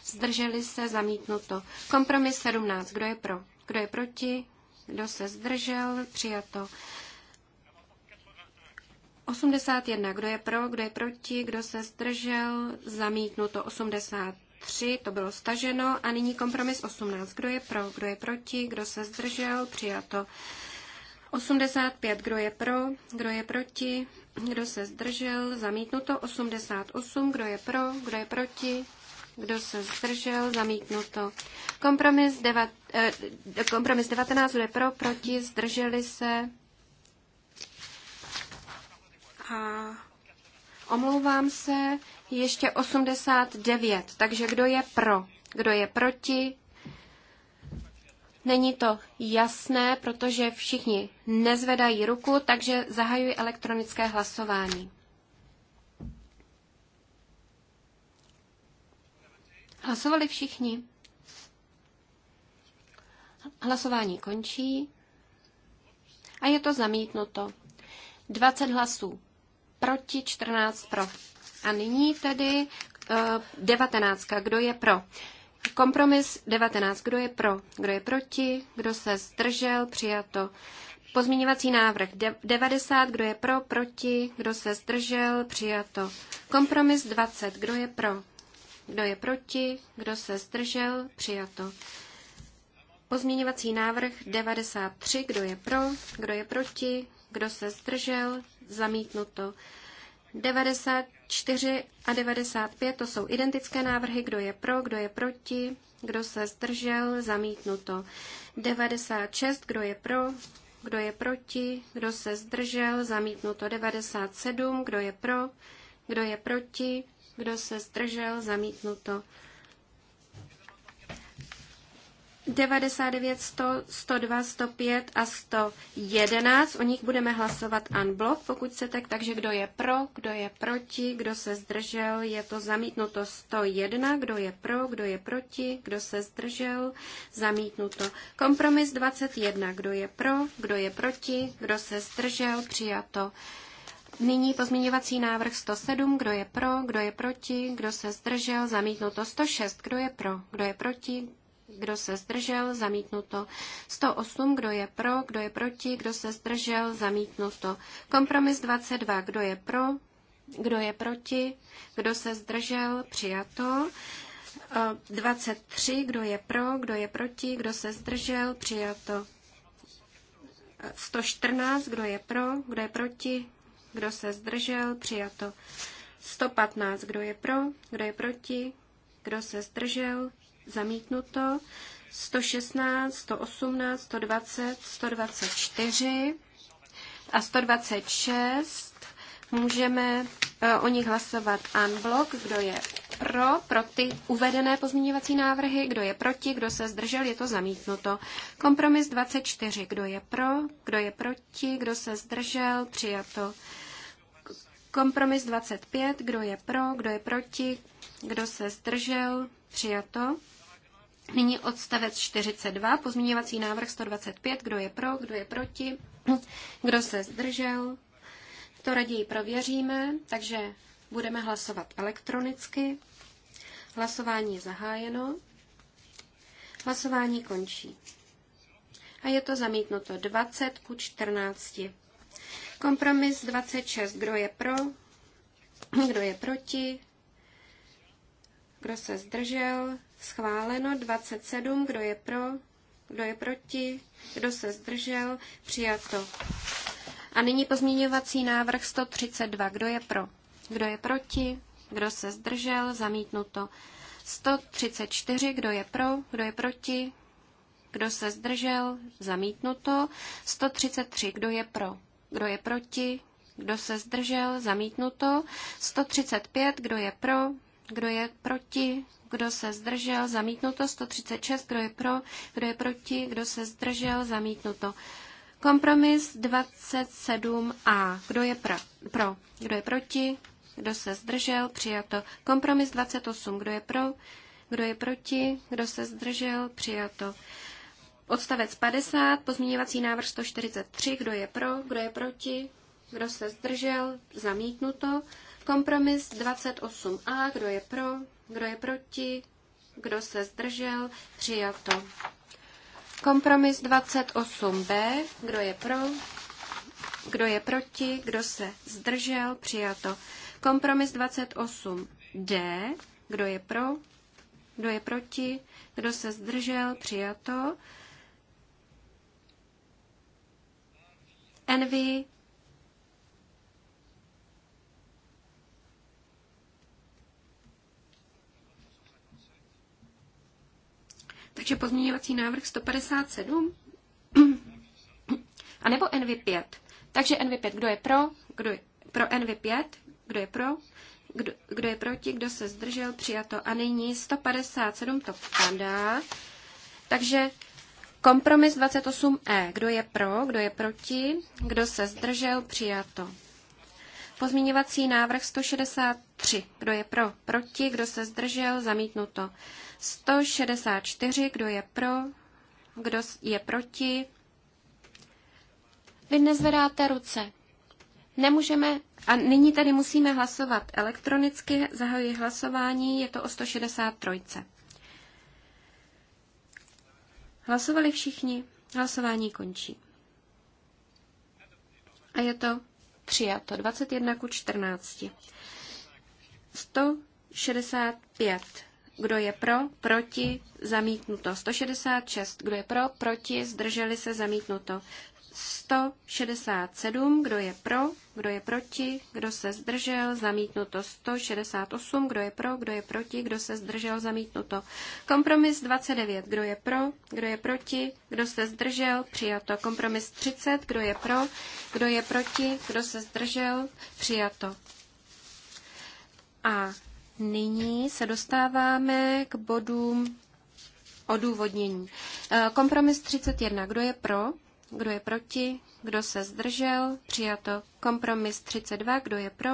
zdrželi se, zamítnuto. Kompromis 17, kdo je pro, kdo je proti, kdo se zdržel, přijato. 81, kdo je pro, kdo je proti, kdo se zdržel, zamítnuto 83, to bylo staženo. A nyní kompromis 18, kdo je pro, kdo je proti, kdo se zdržel, přijato. 85, kdo je pro, kdo je proti, kdo se zdržel, zamítnuto. 88, kdo je pro, kdo je proti, kdo se zdržel, zamítnuto. Kompromis, deva, eh, kompromis 19, kdo je pro, proti, zdrželi se. A omlouvám se, ještě 89, takže kdo je pro, kdo je proti, Není to jasné, protože všichni nezvedají ruku, takže zahajuji elektronické hlasování. Hlasovali všichni. Hlasování končí a je to zamítnuto. 20 hlasů proti, 14 pro. A nyní tedy 19. Eh, Kdo je pro? Kompromis 19. Kdo je pro? Kdo je proti? Kdo se zdržel? Přijato. Pozměňovací návrh 90. Kdo je pro? Proti? Kdo se zdržel? Přijato. Kompromis 20. Kdo je pro? Kdo je proti? Kdo se zdržel? Přijato. Pozměňovací návrh 93. Kdo je pro? Kdo je proti? Kdo se zdržel? Zamítnuto. 90, 4 a 95, to jsou identické návrhy, kdo je pro, kdo je proti, kdo se zdržel, zamítnuto. 96, kdo je pro, kdo je proti, kdo se zdržel, zamítnuto. 97, kdo je pro, kdo je proti, kdo se zdržel, zamítnuto. 99, 100, 102, 105 a 111. O nich budeme hlasovat unblock, pokud se tak. Takže kdo je pro, kdo je proti, kdo se zdržel, je to zamítnuto 101. Kdo je pro, kdo je proti, kdo se zdržel, zamítnuto. Kompromis 21. Kdo je pro, kdo je proti, kdo se zdržel, přijato. Nyní pozměňovací návrh 107. Kdo je pro, kdo je proti, kdo se zdržel, zamítnuto 106. Kdo je pro, kdo je proti, kdo se zdržel, zamítnuto. 108, kdo je pro, kdo je proti, kdo se zdržel, zamítnuto. Kompromis 22, kdo je pro, kdo je proti, kdo se zdržel, přijato. 23, kdo je pro, kdo je proti, kdo se zdržel, přijato. 114, kdo je pro, kdo je proti, kdo se zdržel, přijato. 115, kdo je pro, kdo je proti, kdo se zdržel, zamítnuto. 116, 118, 120, 124 a 126. Můžeme eh, o nich hlasovat unblock, kdo je pro, pro ty uvedené pozměňovací návrhy, kdo je proti, kdo se zdržel, je to zamítnuto. Kompromis 24, kdo je pro, kdo je proti, kdo se zdržel, přijato. Kompromis 25, kdo je pro, kdo je proti, kdo se zdržel, přijato. Nyní odstavec 42, pozměňovací návrh 125, kdo je pro, kdo je proti, kdo se zdržel. To raději prověříme, takže budeme hlasovat elektronicky. Hlasování je zahájeno. Hlasování končí. A je to zamítnuto 20 ku 14. Kompromis 26. Kdo je pro? Kdo je proti? Kdo se zdržel? schváleno 27, kdo je pro, kdo je proti, kdo se zdržel, přijato. A nyní pozměňovací návrh 132, kdo je pro, kdo je proti, kdo se zdržel, zamítnuto. 134, kdo je pro, kdo je proti, kdo se zdržel, zamítnuto. 133, kdo je pro, kdo je proti, kdo se zdržel, zamítnuto. 135, kdo je pro, kdo je proti, kdo se zdržel, zamítnuto 136, kdo je pro, kdo je proti, kdo se zdržel, zamítnuto. Kompromis 27a. Kdo je pra, pro? Kdo je proti? Kdo se zdržel? Přijato. Kompromis 28. Kdo je pro? Kdo je proti? Kdo se zdržel? Přijato. Odstavec 50, pozměňovací návrh 143. Kdo je pro? Kdo je proti? Kdo se zdržel? Zamítnuto. Kompromis 28a, kdo je pro, kdo je proti, kdo se zdržel, přijato. Kompromis 28b, kdo je pro, kdo je proti, kdo se zdržel, přijato. Kompromis 28d, kdo je pro, kdo je proti, kdo se zdržel, přijato. Envy Takže pozměňovací návrh 157 a nebo NV5. Takže NV5, kdo je pro, kdo je pro NV5, kdo je pro, kdo, kdo je proti, kdo se zdržel, přijato. A nyní 157 to padá. Takže kompromis 28e. Kdo je pro, kdo je proti, kdo se zdržel, přijato. Pozměňovací návrh 163. Kdo je pro? Proti. Kdo se zdržel? Zamítnuto. 164. Kdo je pro? Kdo je proti? Vy nezvedáte ruce. Nemůžeme, a nyní tady musíme hlasovat elektronicky, zahajuji hlasování, je to o 163. Hlasovali všichni, hlasování končí. A je to Přijato 21 ku 14. 165. Kdo je pro? Proti? Zamítnuto. 166. Kdo je pro? Proti? Zdrželi se? Zamítnuto. 167, kdo je pro, kdo je proti, kdo se zdržel, zamítnuto 168, kdo je pro, kdo je proti, kdo se zdržel, zamítnuto. Kompromis 29, kdo je pro, kdo je proti, kdo se zdržel, přijato. Kompromis 30, kdo je pro, kdo je proti, kdo se zdržel, přijato. A nyní se dostáváme k bodům odůvodnění. Kompromis 31, kdo je pro, kdo je proti, kdo se zdržel, přijato. Kompromis 32, kdo je pro,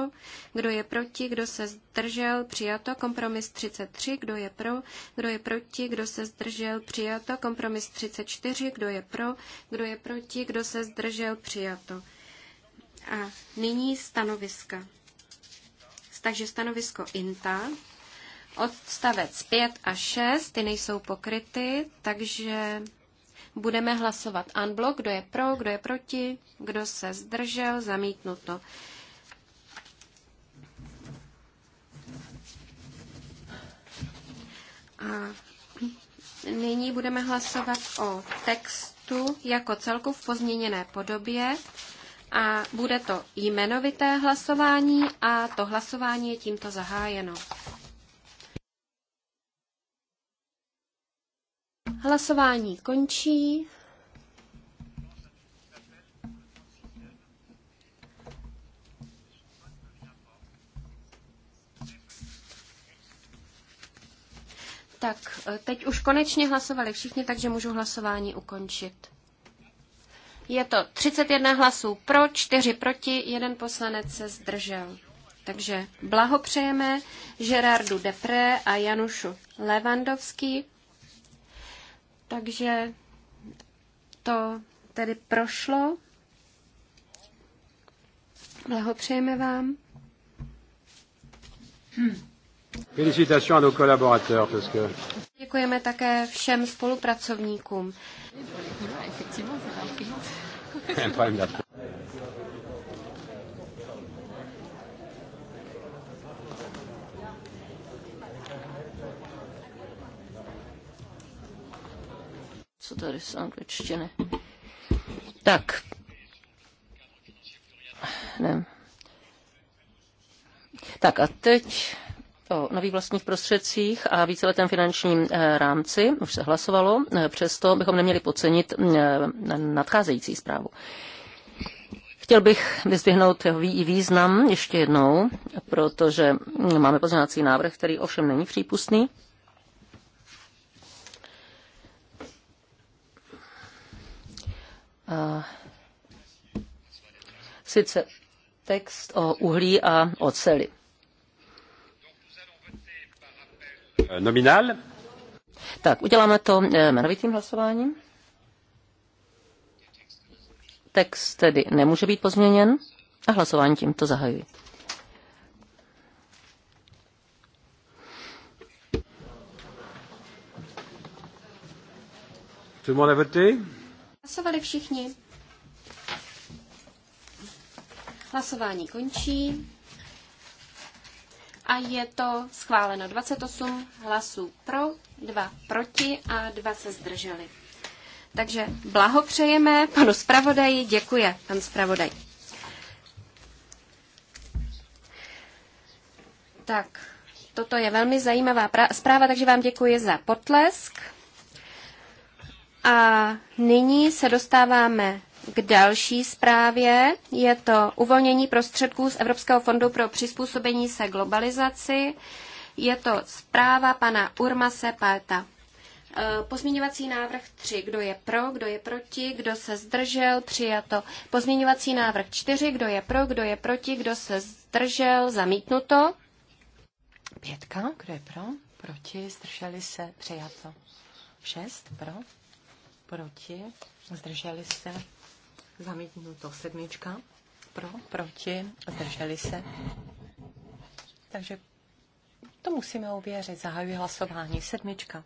kdo je proti, kdo se zdržel, přijato. Kompromis 33, kdo je pro, kdo je proti, kdo se zdržel, přijato. Kompromis 34, kdo je pro, kdo je proti, kdo se zdržel, přijato. A nyní stanoviska. Takže stanovisko INTA, odstavec 5 a 6, ty nejsou pokryty, takže Budeme hlasovat unblock, kdo je pro, kdo je proti, kdo se zdržel, zamítnuto. A nyní budeme hlasovat o textu jako celku v pozměněné podobě a bude to jmenovité hlasování a to hlasování je tímto zahájeno. Hlasování končí. Tak, eh, teď už konečně hlasovali všichni, takže můžu hlasování ukončit. Je to 31 hlasů pro, 4 proti, jeden poslanec se zdržel. Takže blahopřejeme Gerardu Depré a Janušu Levandovský takže to tedy prošlo. Blahopřejeme vám. Félicitations à nos collaborateurs, parce que... Děkujeme také všem spolupracovníkům. co tady z Tak. Ne. Tak a teď o nových vlastních prostředcích a víceletém finančním eh, rámci už se hlasovalo, eh, přesto bychom neměli podcenit eh, nadcházející zprávu. Chtěl bych vyzvihnout význam ještě jednou, protože máme pozměňovací návrh, který ovšem není přípustný sice text o uhlí a oceli. Nominál? Tak, uděláme to eh, jmenovitým hlasováním. Text tedy nemůže být pozměněn a hlasování tímto zahajuji. Tout le monde a voté Hlasovali všichni. Hlasování končí. A je to schváleno 28 hlasů pro, 2 proti a 2 se zdrželi. Takže blahopřejeme panu zpravodaji, děkuje pan zpravodaj. Tak, toto je velmi zajímavá zpráva, takže vám děkuji za potlesk. A nyní se dostáváme k další zprávě. Je to uvolnění prostředků z Evropského fondu pro přizpůsobení se globalizaci. Je to zpráva pana Urmase Palta. E, pozměňovací návrh 3. Kdo je pro, kdo je proti, kdo se zdržel, přijato. Pozměňovací návrh 4. Kdo je pro, kdo je proti, kdo se zdržel, zamítnuto. Pětka. Kdo je pro, proti, zdrželi se, přijato. Šest. Pro, proti, zdrželi se, zamítnuto sedmička, pro, proti, zdrželi se. Takže to musíme uvěřit. Zahajuji hlasování. Sedmička.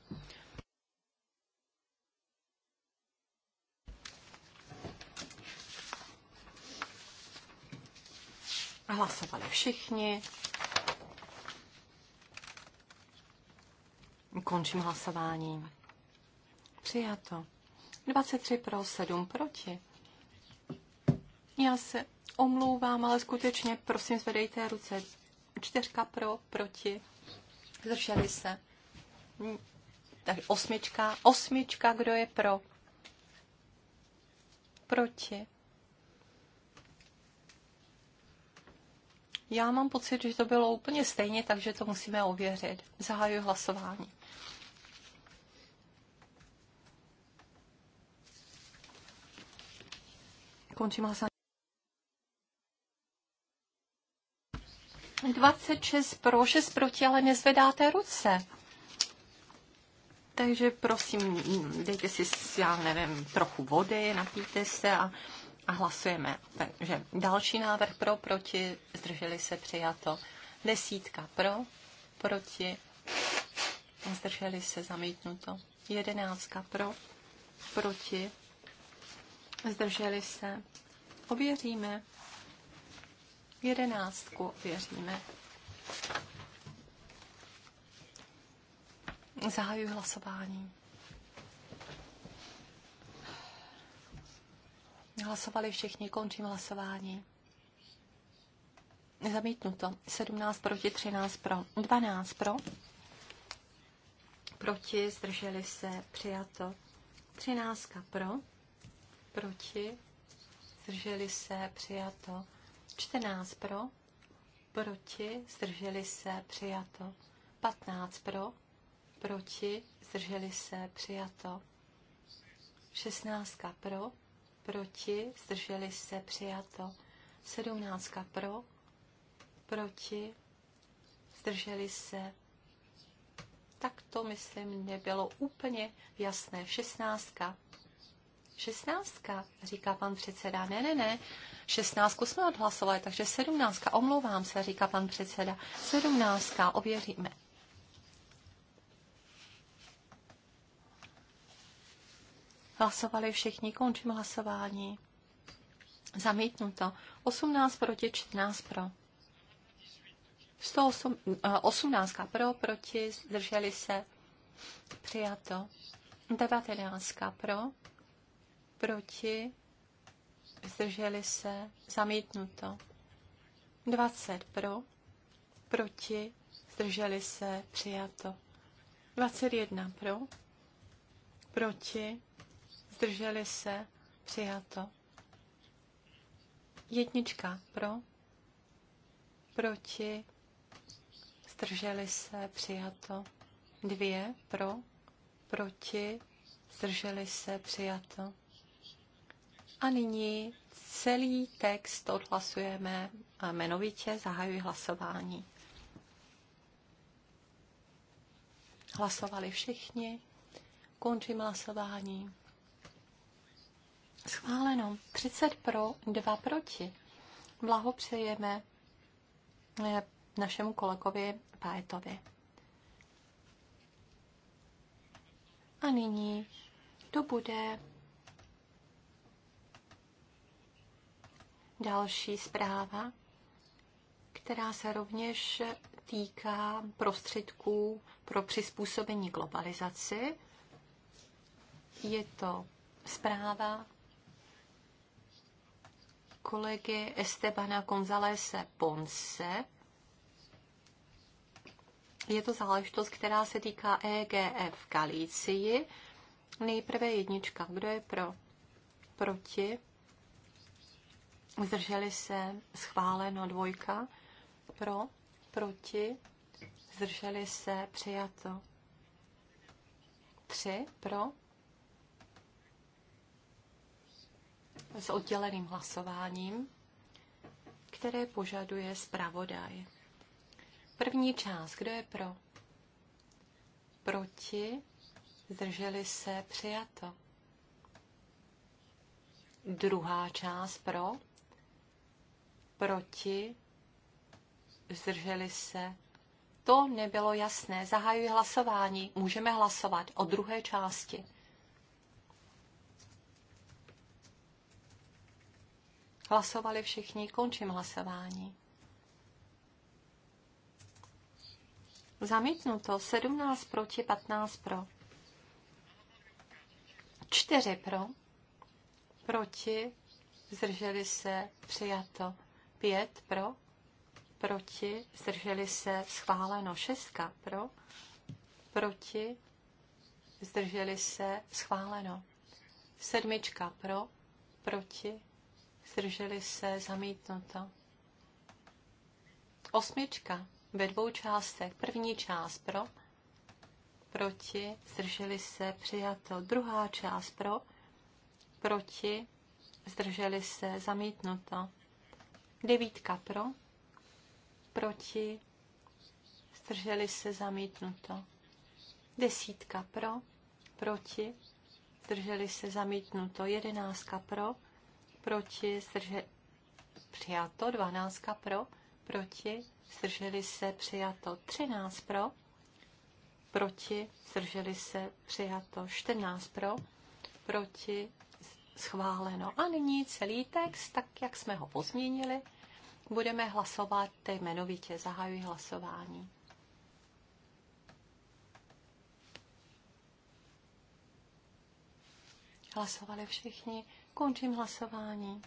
Hlasovali všichni. Končím hlasování. Přijato. 23 pro, 7 proti. Já se omlouvám, ale skutečně, prosím, zvedejte ruce. Čtyřka pro, proti. Zdrželi se. Tak osmička. Osmička, kdo je pro? Proti. Já mám pocit, že to bylo úplně stejně, takže to musíme ověřit. Zahajuji hlasování. 26 pro, 6 proti, ale nezvedáte ruce. Takže prosím, dejte si, já nevím, trochu vody, napijte se a, a hlasujeme. Takže další návrh pro, proti, zdrželi se, přijato. Desítka pro, proti, zdrželi se, zamítnuto. Jedenáctka pro, proti, zdrželi se. Ověříme. Jedenáctku ověříme. Zahajuji hlasování. Hlasovali všichni, končím hlasování. Zamítnuto. 17 proti, 13 pro. 12 pro. Proti, zdrželi se, přijato. 13 pro proti, zdrželi se, přijato. 14 pro, proti, zdrželi se, přijato. 15 pro, proti, zdrželi se, přijato. 16 pro, proti, zdrželi se, přijato. 17 pro, proti, zdrželi se. Tak to, myslím, nebylo úplně jasné. 16 Šestnáctka, říká pan předseda. Ne, ne, ne. Šestnáctku jsme odhlasovali, takže sedmnáctka. Omlouvám se, říká pan předseda. Sedmnáctka, ověříme. Hlasovali všichni, končím hlasování. Zamítnuto. 18 proti, 14 pro. 108, 18 eh, pro, proti, zdrželi se. Přijato. 19 pro, proti, zdrželi se, zamítnuto. 20 pro, proti, zdrželi se, přijato. 21 pro, proti, zdrželi se, přijato. Jednička pro, proti, zdrželi se, přijato. Dvě pro, proti, zdrželi se, přijato. A nyní celý text odhlasujeme a jmenovitě zahajuji hlasování. Hlasovali všichni. Končím hlasování. Schváleno. 30 pro, 2 proti. Blahopřejeme eh, našemu kolegovi Pájetovi. A nyní to bude Další zpráva, která se rovněž týká prostředků pro přizpůsobení globalizaci. Je to zpráva kolegy Estebana Gonzalese Ponce. Je to záležitost, která se týká EGF Galicii. Nejprve jednička. Kdo je pro? Proti? zdrželi se, schváleno dvojka, pro, proti, zdrželi se, přijato. Tři, pro, s odděleným hlasováním, které požaduje zpravodaj. První část, kdo je pro? Proti, zdrželi se, přijato. Druhá část pro, proti, zdrželi se. To nebylo jasné. Zahajuji hlasování. Můžeme hlasovat o druhé části. Hlasovali všichni, končím hlasování. Zamítnuto 17 proti 15 pro. 4 pro, proti, zdrželi se, přijato. Pět pro, proti, zdrželi se, schváleno. Šestka pro, proti, zdrželi se, schváleno. Sedmička pro, proti, zdrželi se, zamítnuto. Osmička ve dvou částech. První část pro, proti, zdrželi se, přijato. Druhá část pro, proti, zdrželi se, zamítnuto. Devítka pro, proti, zdrželi se zamítnuto. Desítka pro, proti, zdrželi se zamítnuto. Jedenáctka pro, proti, strže přijato. Dvanáctka pro, proti, zdrželi se přijato. Třináct pro, proti, zdrželi se přijato. Čtrnáct pro, proti, schváleno. A nyní celý text, tak jak jsme ho pozměnili, budeme hlasovat jmenovitě. Zahajuji hlasování. Hlasovali všichni. Končím hlasování.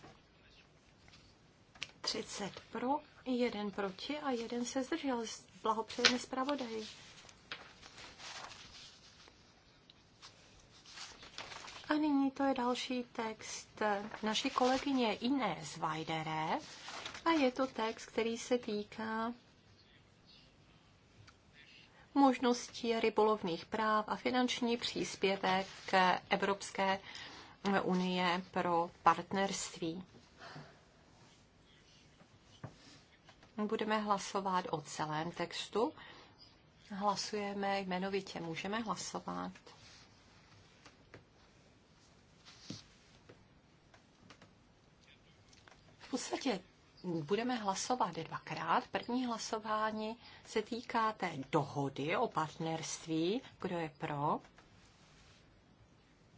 30 pro, jeden proti a jeden se zdržel. Blahopřejeme zpravodaji. A nyní to je další text naší kolegyně z Vajdere. A je to text, který se týká možností rybolovných práv a finanční příspěvek Evropské unie pro partnerství. Budeme hlasovat o celém textu. Hlasujeme jmenovitě. Můžeme hlasovat. V podstatě budeme hlasovat dvakrát. První hlasování se týká té dohody o partnerství. Kdo je pro?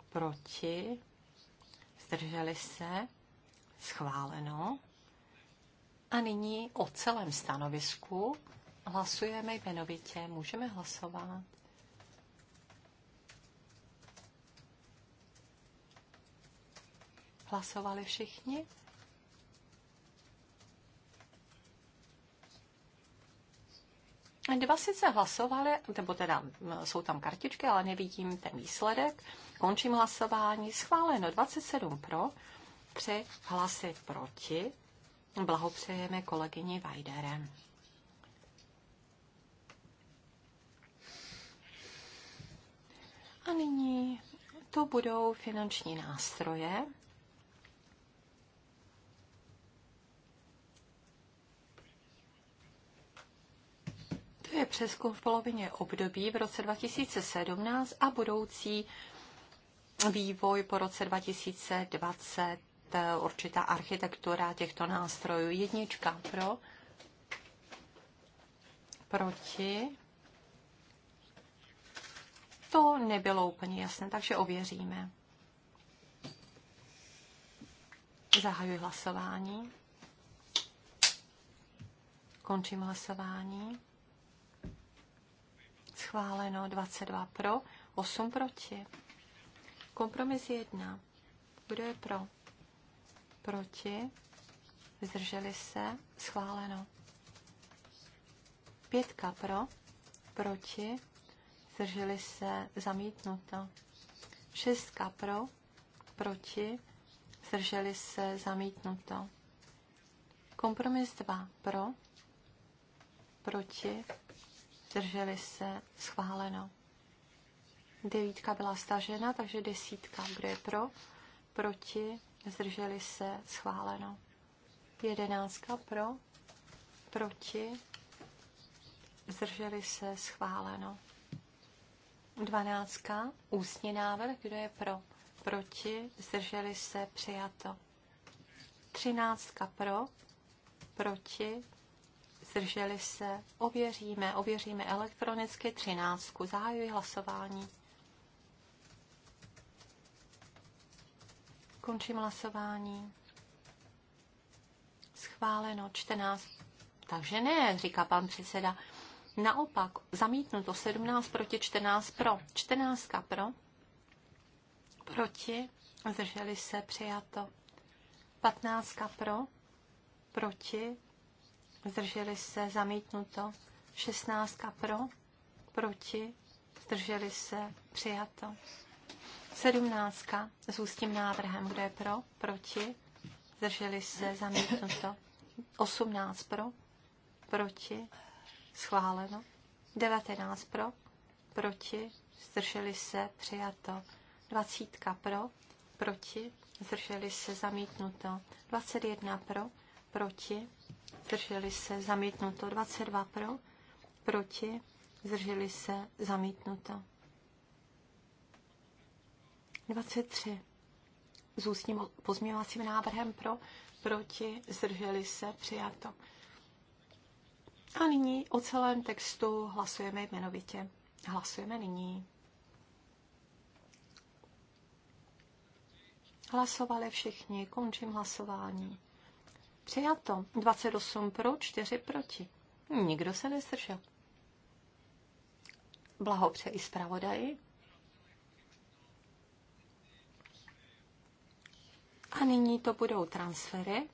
Proti? Zdrželi se? Schváleno. A nyní o celém stanovisku hlasujeme jmenovitě. Můžeme hlasovat. Hlasovali všichni? Dva sice hlasovali, nebo teda jsou tam kartičky, ale nevidím ten výsledek. Končím hlasování. Schváleno 27 pro, 3 hlasy proti. Blahopřejeme kolegyni Vajdere. A nyní to budou finanční nástroje. Následuje přeskum v polovině období v roce 2017 a budoucí vývoj po roce 2020, určitá architektura těchto nástrojů. Jednička pro, proti. To nebylo úplně jasné, takže ověříme. Zahajuji hlasování. Končím hlasování schváleno 22 pro, 8 proti. Kompromis 1. Kdo je pro? Proti? Zdrželi se? Schváleno. Pětka pro, proti, zdrželi se, zamítnuto. Šestka pro, proti, zdrželi se, zamítnuto. Kompromis 2 pro, proti, zdrželi se, schváleno. Devítka byla stažena, takže desítka, kdo je pro, proti, zdrželi se, schváleno. Jedenáctka pro, proti, zdrželi se, schváleno. Dvanáctka, ústní návrh, kdo je pro, proti, zdrželi se, přijato. Třináctka pro, proti, zdrželi se, ověříme, ověříme elektronicky třináctku. Zahajuji hlasování. Končím hlasování. Schváleno 14. Takže ne, říká pan předseda. Naopak, zamítnuto 17 proti 14 pro. 14 pro. Proti. Zdrželi se, přijato. 15 pro. Proti zdrželi se, zamítnuto. 16 pro, proti, zdrželi se, přijato. 17 s ústním návrhem, kdo je pro, proti, zdrželi se, zamítnuto. 18 pro, proti, schváleno. 19 pro, proti, zdrželi se, přijato. 20 pro, proti, zdrželi se, zamítnuto. 21 pro, proti, zdrželi se, zamítnuto. 22 pro, proti, zdrželi se, zamítnuto. 23 s ústním pozměňovacím návrhem pro, proti, zdrželi se, přijato. A nyní o celém textu hlasujeme jmenovitě. Hlasujeme nyní. Hlasovali všichni, končím hlasování. Přijato. 28 pro, 4 proti. Nikdo se nestršel. Blahopřeji zpravodaji. A nyní to budou transfery.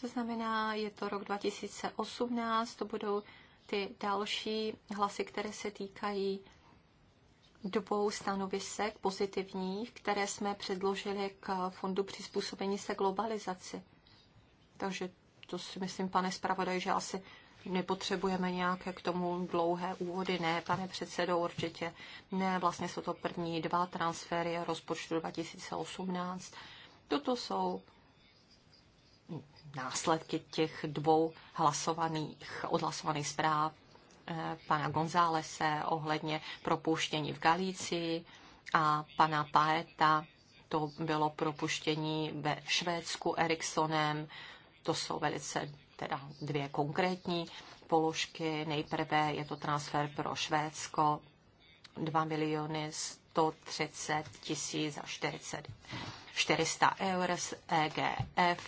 To znamená, je to rok 2018, to budou ty další hlasy, které se týkají dobou stanovisek pozitivních, které jsme předložili k Fondu přizpůsobení se globalizaci. Takže to si myslím, pane zpravodaj, že asi nepotřebujeme nějaké k tomu dlouhé úvody. Ne, pane předsedo, určitě ne. Vlastně jsou to první dva transfery rozpočtu 2018. Toto jsou následky těch dvou hlasovaných, odhlasovaných zpráv Eh, pana Gonzálese ohledně propuštění v Galicii a pana Paeta, to bylo propuštění ve Švédsku Ericssonem. To jsou velice teda dvě konkrétní položky. Nejprve je to transfer pro Švédsko 2 miliony 130 tisíc a 40, 400 eur z EGF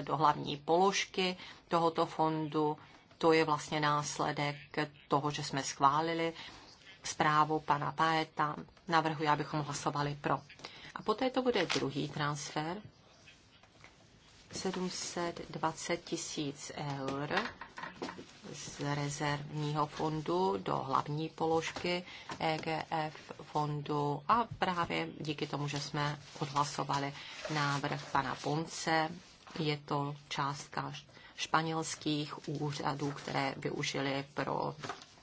do hlavní položky tohoto fondu to je vlastně následek toho, že jsme schválili zprávu pana Paeta. Navrhuji, abychom hlasovali pro. A poté to bude druhý transfer. 720 tisíc eur z rezervního fondu do hlavní položky EGF fondu a právě díky tomu, že jsme odhlasovali návrh pana Ponce, je to částka španělských úřadů, které využili pro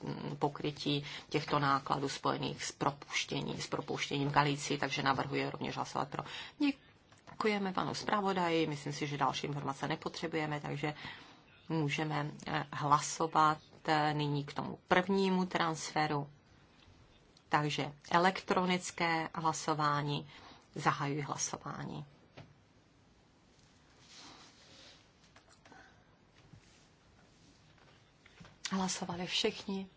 mm, pokrytí těchto nákladů spojených s, propuštění, s propuštěním Galicii, takže navrhuje rovněž hlasovat pro. Děkujeme panu zpravodaji, myslím si, že další informace nepotřebujeme, takže můžeme eh, hlasovat eh, nyní k tomu prvnímu transferu. Takže elektronické hlasování, zahajuji hlasování. Hlasovali všichni.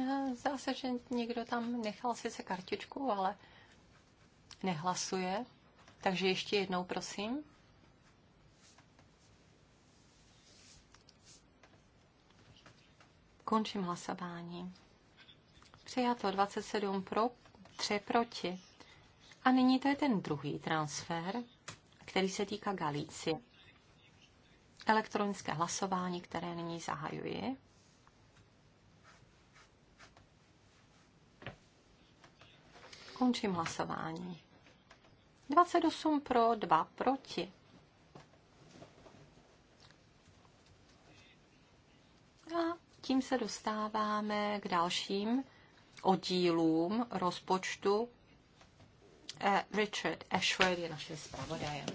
Eh, Zdá se, že někdo tam nechal sice kartičku, ale nehlasuje. Takže ještě jednou, prosím. Končím hlasování. Přijato 27 pro, 3 proti. A nyní to je ten druhý transfer, který se týká Galicie. Elektronické hlasování, které nyní zahajuji. Končím hlasování. 28 pro, 2 proti. A tím se dostáváme k dalším oddílům rozpočtu. Eh, Richard Ashford je naším zpravodajem.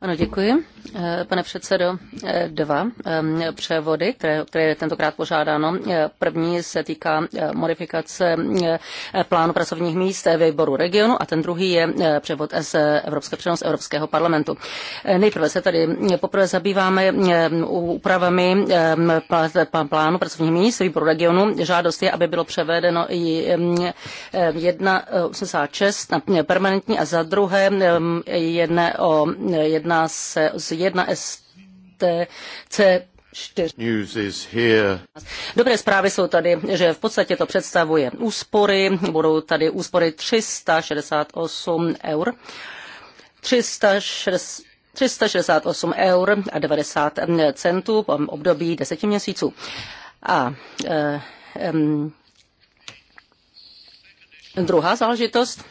Ano, děkuji. Eh, pane předsedo, eh, dva eh, převody, které, které je tentokrát požádáno. První se týká modifikace plánu pracovních míst ve výboru regionu a ten druhý je převod z Evropské přenos Evropského parlamentu. Nejprve se tady poprvé zabýváme úpravami plánu pracovních míst výboru regionu. Žádost je, aby bylo převedeno i 1,86 na permanentní a za druhé o jedna jedná se z 1 STC Dobré zprávy jsou tady, že v podstatě to představuje úspory, budou tady úspory 368 eur. 360, 368 eur a 90 centů po období 10 měsíců. A e, e, druhá záležitost,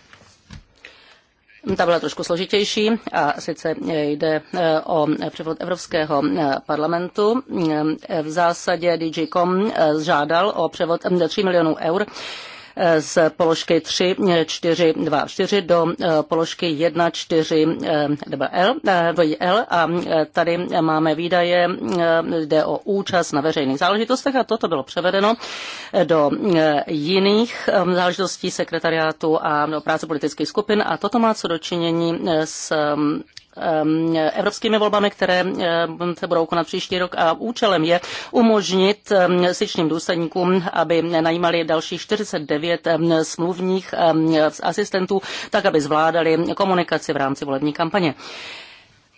ta byla trošku složitější a sice jde eh, o převod Evropského eh, parlamentu. Eh, v zásadě DG.com žádal o převod 3 milionů eur z položky 3, 4, 2, 4 do eh, položky 1, 4, 2, L, 2, eh, L a eh, tady máme výdaje, jde o účast na veřejných záležitostech a toto bylo převedeno do jiných záležitostí sekretariátu a do práce politických skupin a toto má co dočinění s Ehm, evropskými volbami, které ehm, se budou konat příští rok a účelem je umožnit ehm, styčným důstojníkům, aby najímali dalších 49 smluvních asistentů, tak aby zvládali komunikaci v rámci volební kampaně.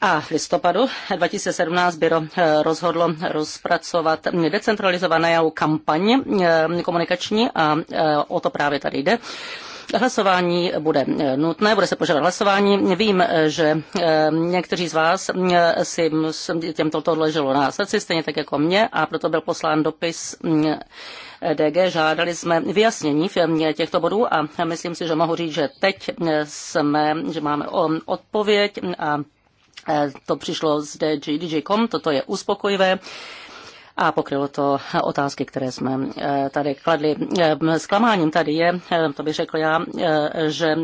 A v listopadu 2017 byro eh, rozhodlo rozpracovat decentralizovanou kampaň komunikační a eh, o to právě tady jde Hlasování bude eh, nutné, bude se požádat hlasování. Vím, eh, že eh, někteří z vás si těmto to leželo na srdci, stejně tak jako mě, a proto byl poslán dopis mm, DG. Žádali jsme vyjasnění těchto bodů a myslím si, že mohu říct, že teď jsme, že máme odpověď a to přišlo z DG, DG.com, toto je uspokojivé a pokrylo to otázky, které jsme eh, tady kladli. Eh, zklamáním tady je, eh, to bych řekl já, že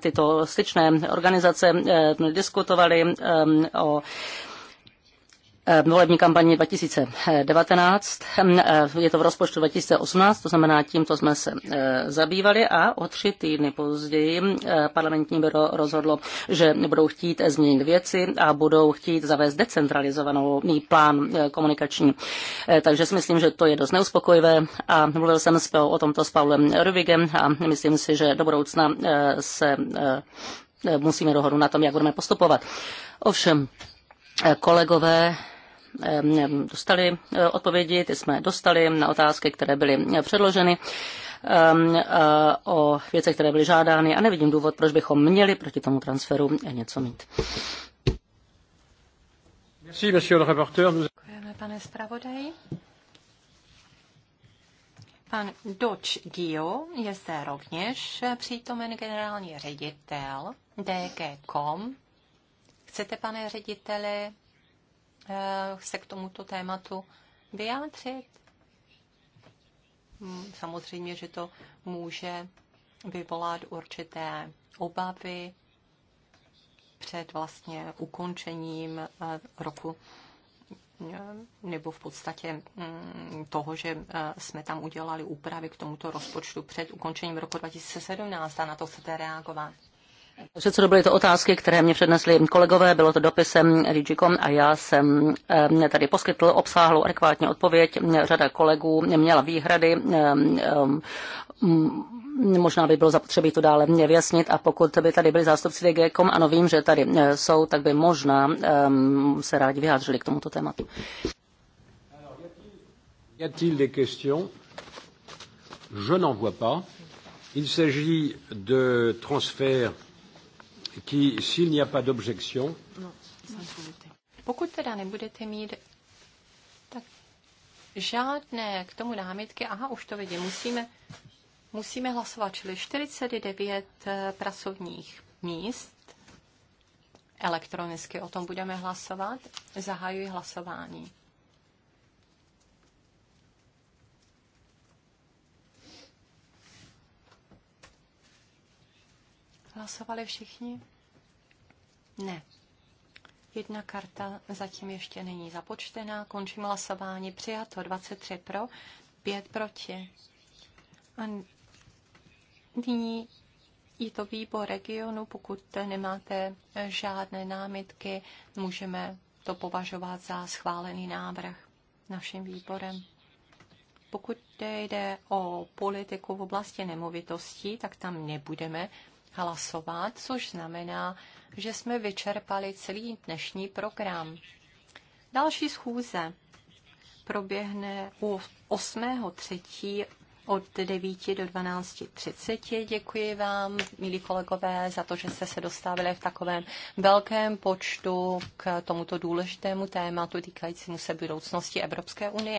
tyto styčné organizace diskutovaly o Eh, volební kampani 2019. Ehm, eh, je to v rozpočtu 2018, to znamená, tímto jsme se eh, zabývali a o tři týdny později parlamentní byro rozhodlo, že budou chtít změnit věci a budou chtít zavést decentralizovaný plán komunikační. Takže si myslím, že to je dost neuspokojivé a mluvil jsem o tomto s Paulem Rubigem a myslím si, že do budoucna se musíme dohodnout na tom, jak budeme postupovat. Ovšem, kolegové Ehm, ehm, dostali eh, odpovědi, ty jsme dostali na otázky, které byly eh, předloženy ehm, eh, o věcech, které byly žádány a nevidím důvod, proč bychom měli proti tomu transferu něco mít. Děkujeme, pane zpravodaji. Pan Doč Gio je zde rovněž přítomen generální ředitel DG.com. Chcete, pane řediteli, Eh, se k tomuto tématu vyjádřit. Hmm, samozřejmě, že to může vyvolat určité obavy před vlastně ukončením eh, roku eh, nebo v podstatě mm, toho, že jsme tam udělali úpravy k tomuto rozpočtu před ukončením roku 2017 a na to chcete reagovat. Předsedo, byly to otázky, které mě přednesli kolegové, bylo to dopisem DGCOM a já jsem mě tady poskytl obsáhlou adekvátní odpověď. Řada kolegů měla výhrady možná by bylo zapotřebí to dále mě vyjasnit a pokud by tady byli zástupci DGCOM, ano vím, že tady eh, jsou, tak by možná se rádi vyjádřili k tomuto tématu. Y a-t-il des questions Je n'en vois pas. Il s'agit de transfert qui, s'il n'y a pas d'objection, no, pokud teda nebudete mít tak žádné k tomu námitky, aha, už to vidím, musíme, musíme hlasovat, čili 49 eh, pracovních míst elektronicky, o tom budeme hlasovat, zahajuji hlasování. Hlasovali všichni? Ne. Jedna karta zatím ještě není započtená. Končím hlasování. Přijato 23 pro, 5 proti. A nyní je to výbor regionu. Pokud nemáte žádné námitky, můžeme to považovat za schválený návrh naším výborem. Pokud jde o politiku v oblasti nemovitostí, tak tam nebudeme hlasovat, což znamená, že jsme vyčerpali celý dnešní program. Další schůze proběhne u 8.3. od 9 do 12.30. Děkuji vám, milí kolegové, za to, že jste se dostavili v takovém velkém počtu k tomuto důležitému tématu týkajícímu se budoucnosti Evropské unie.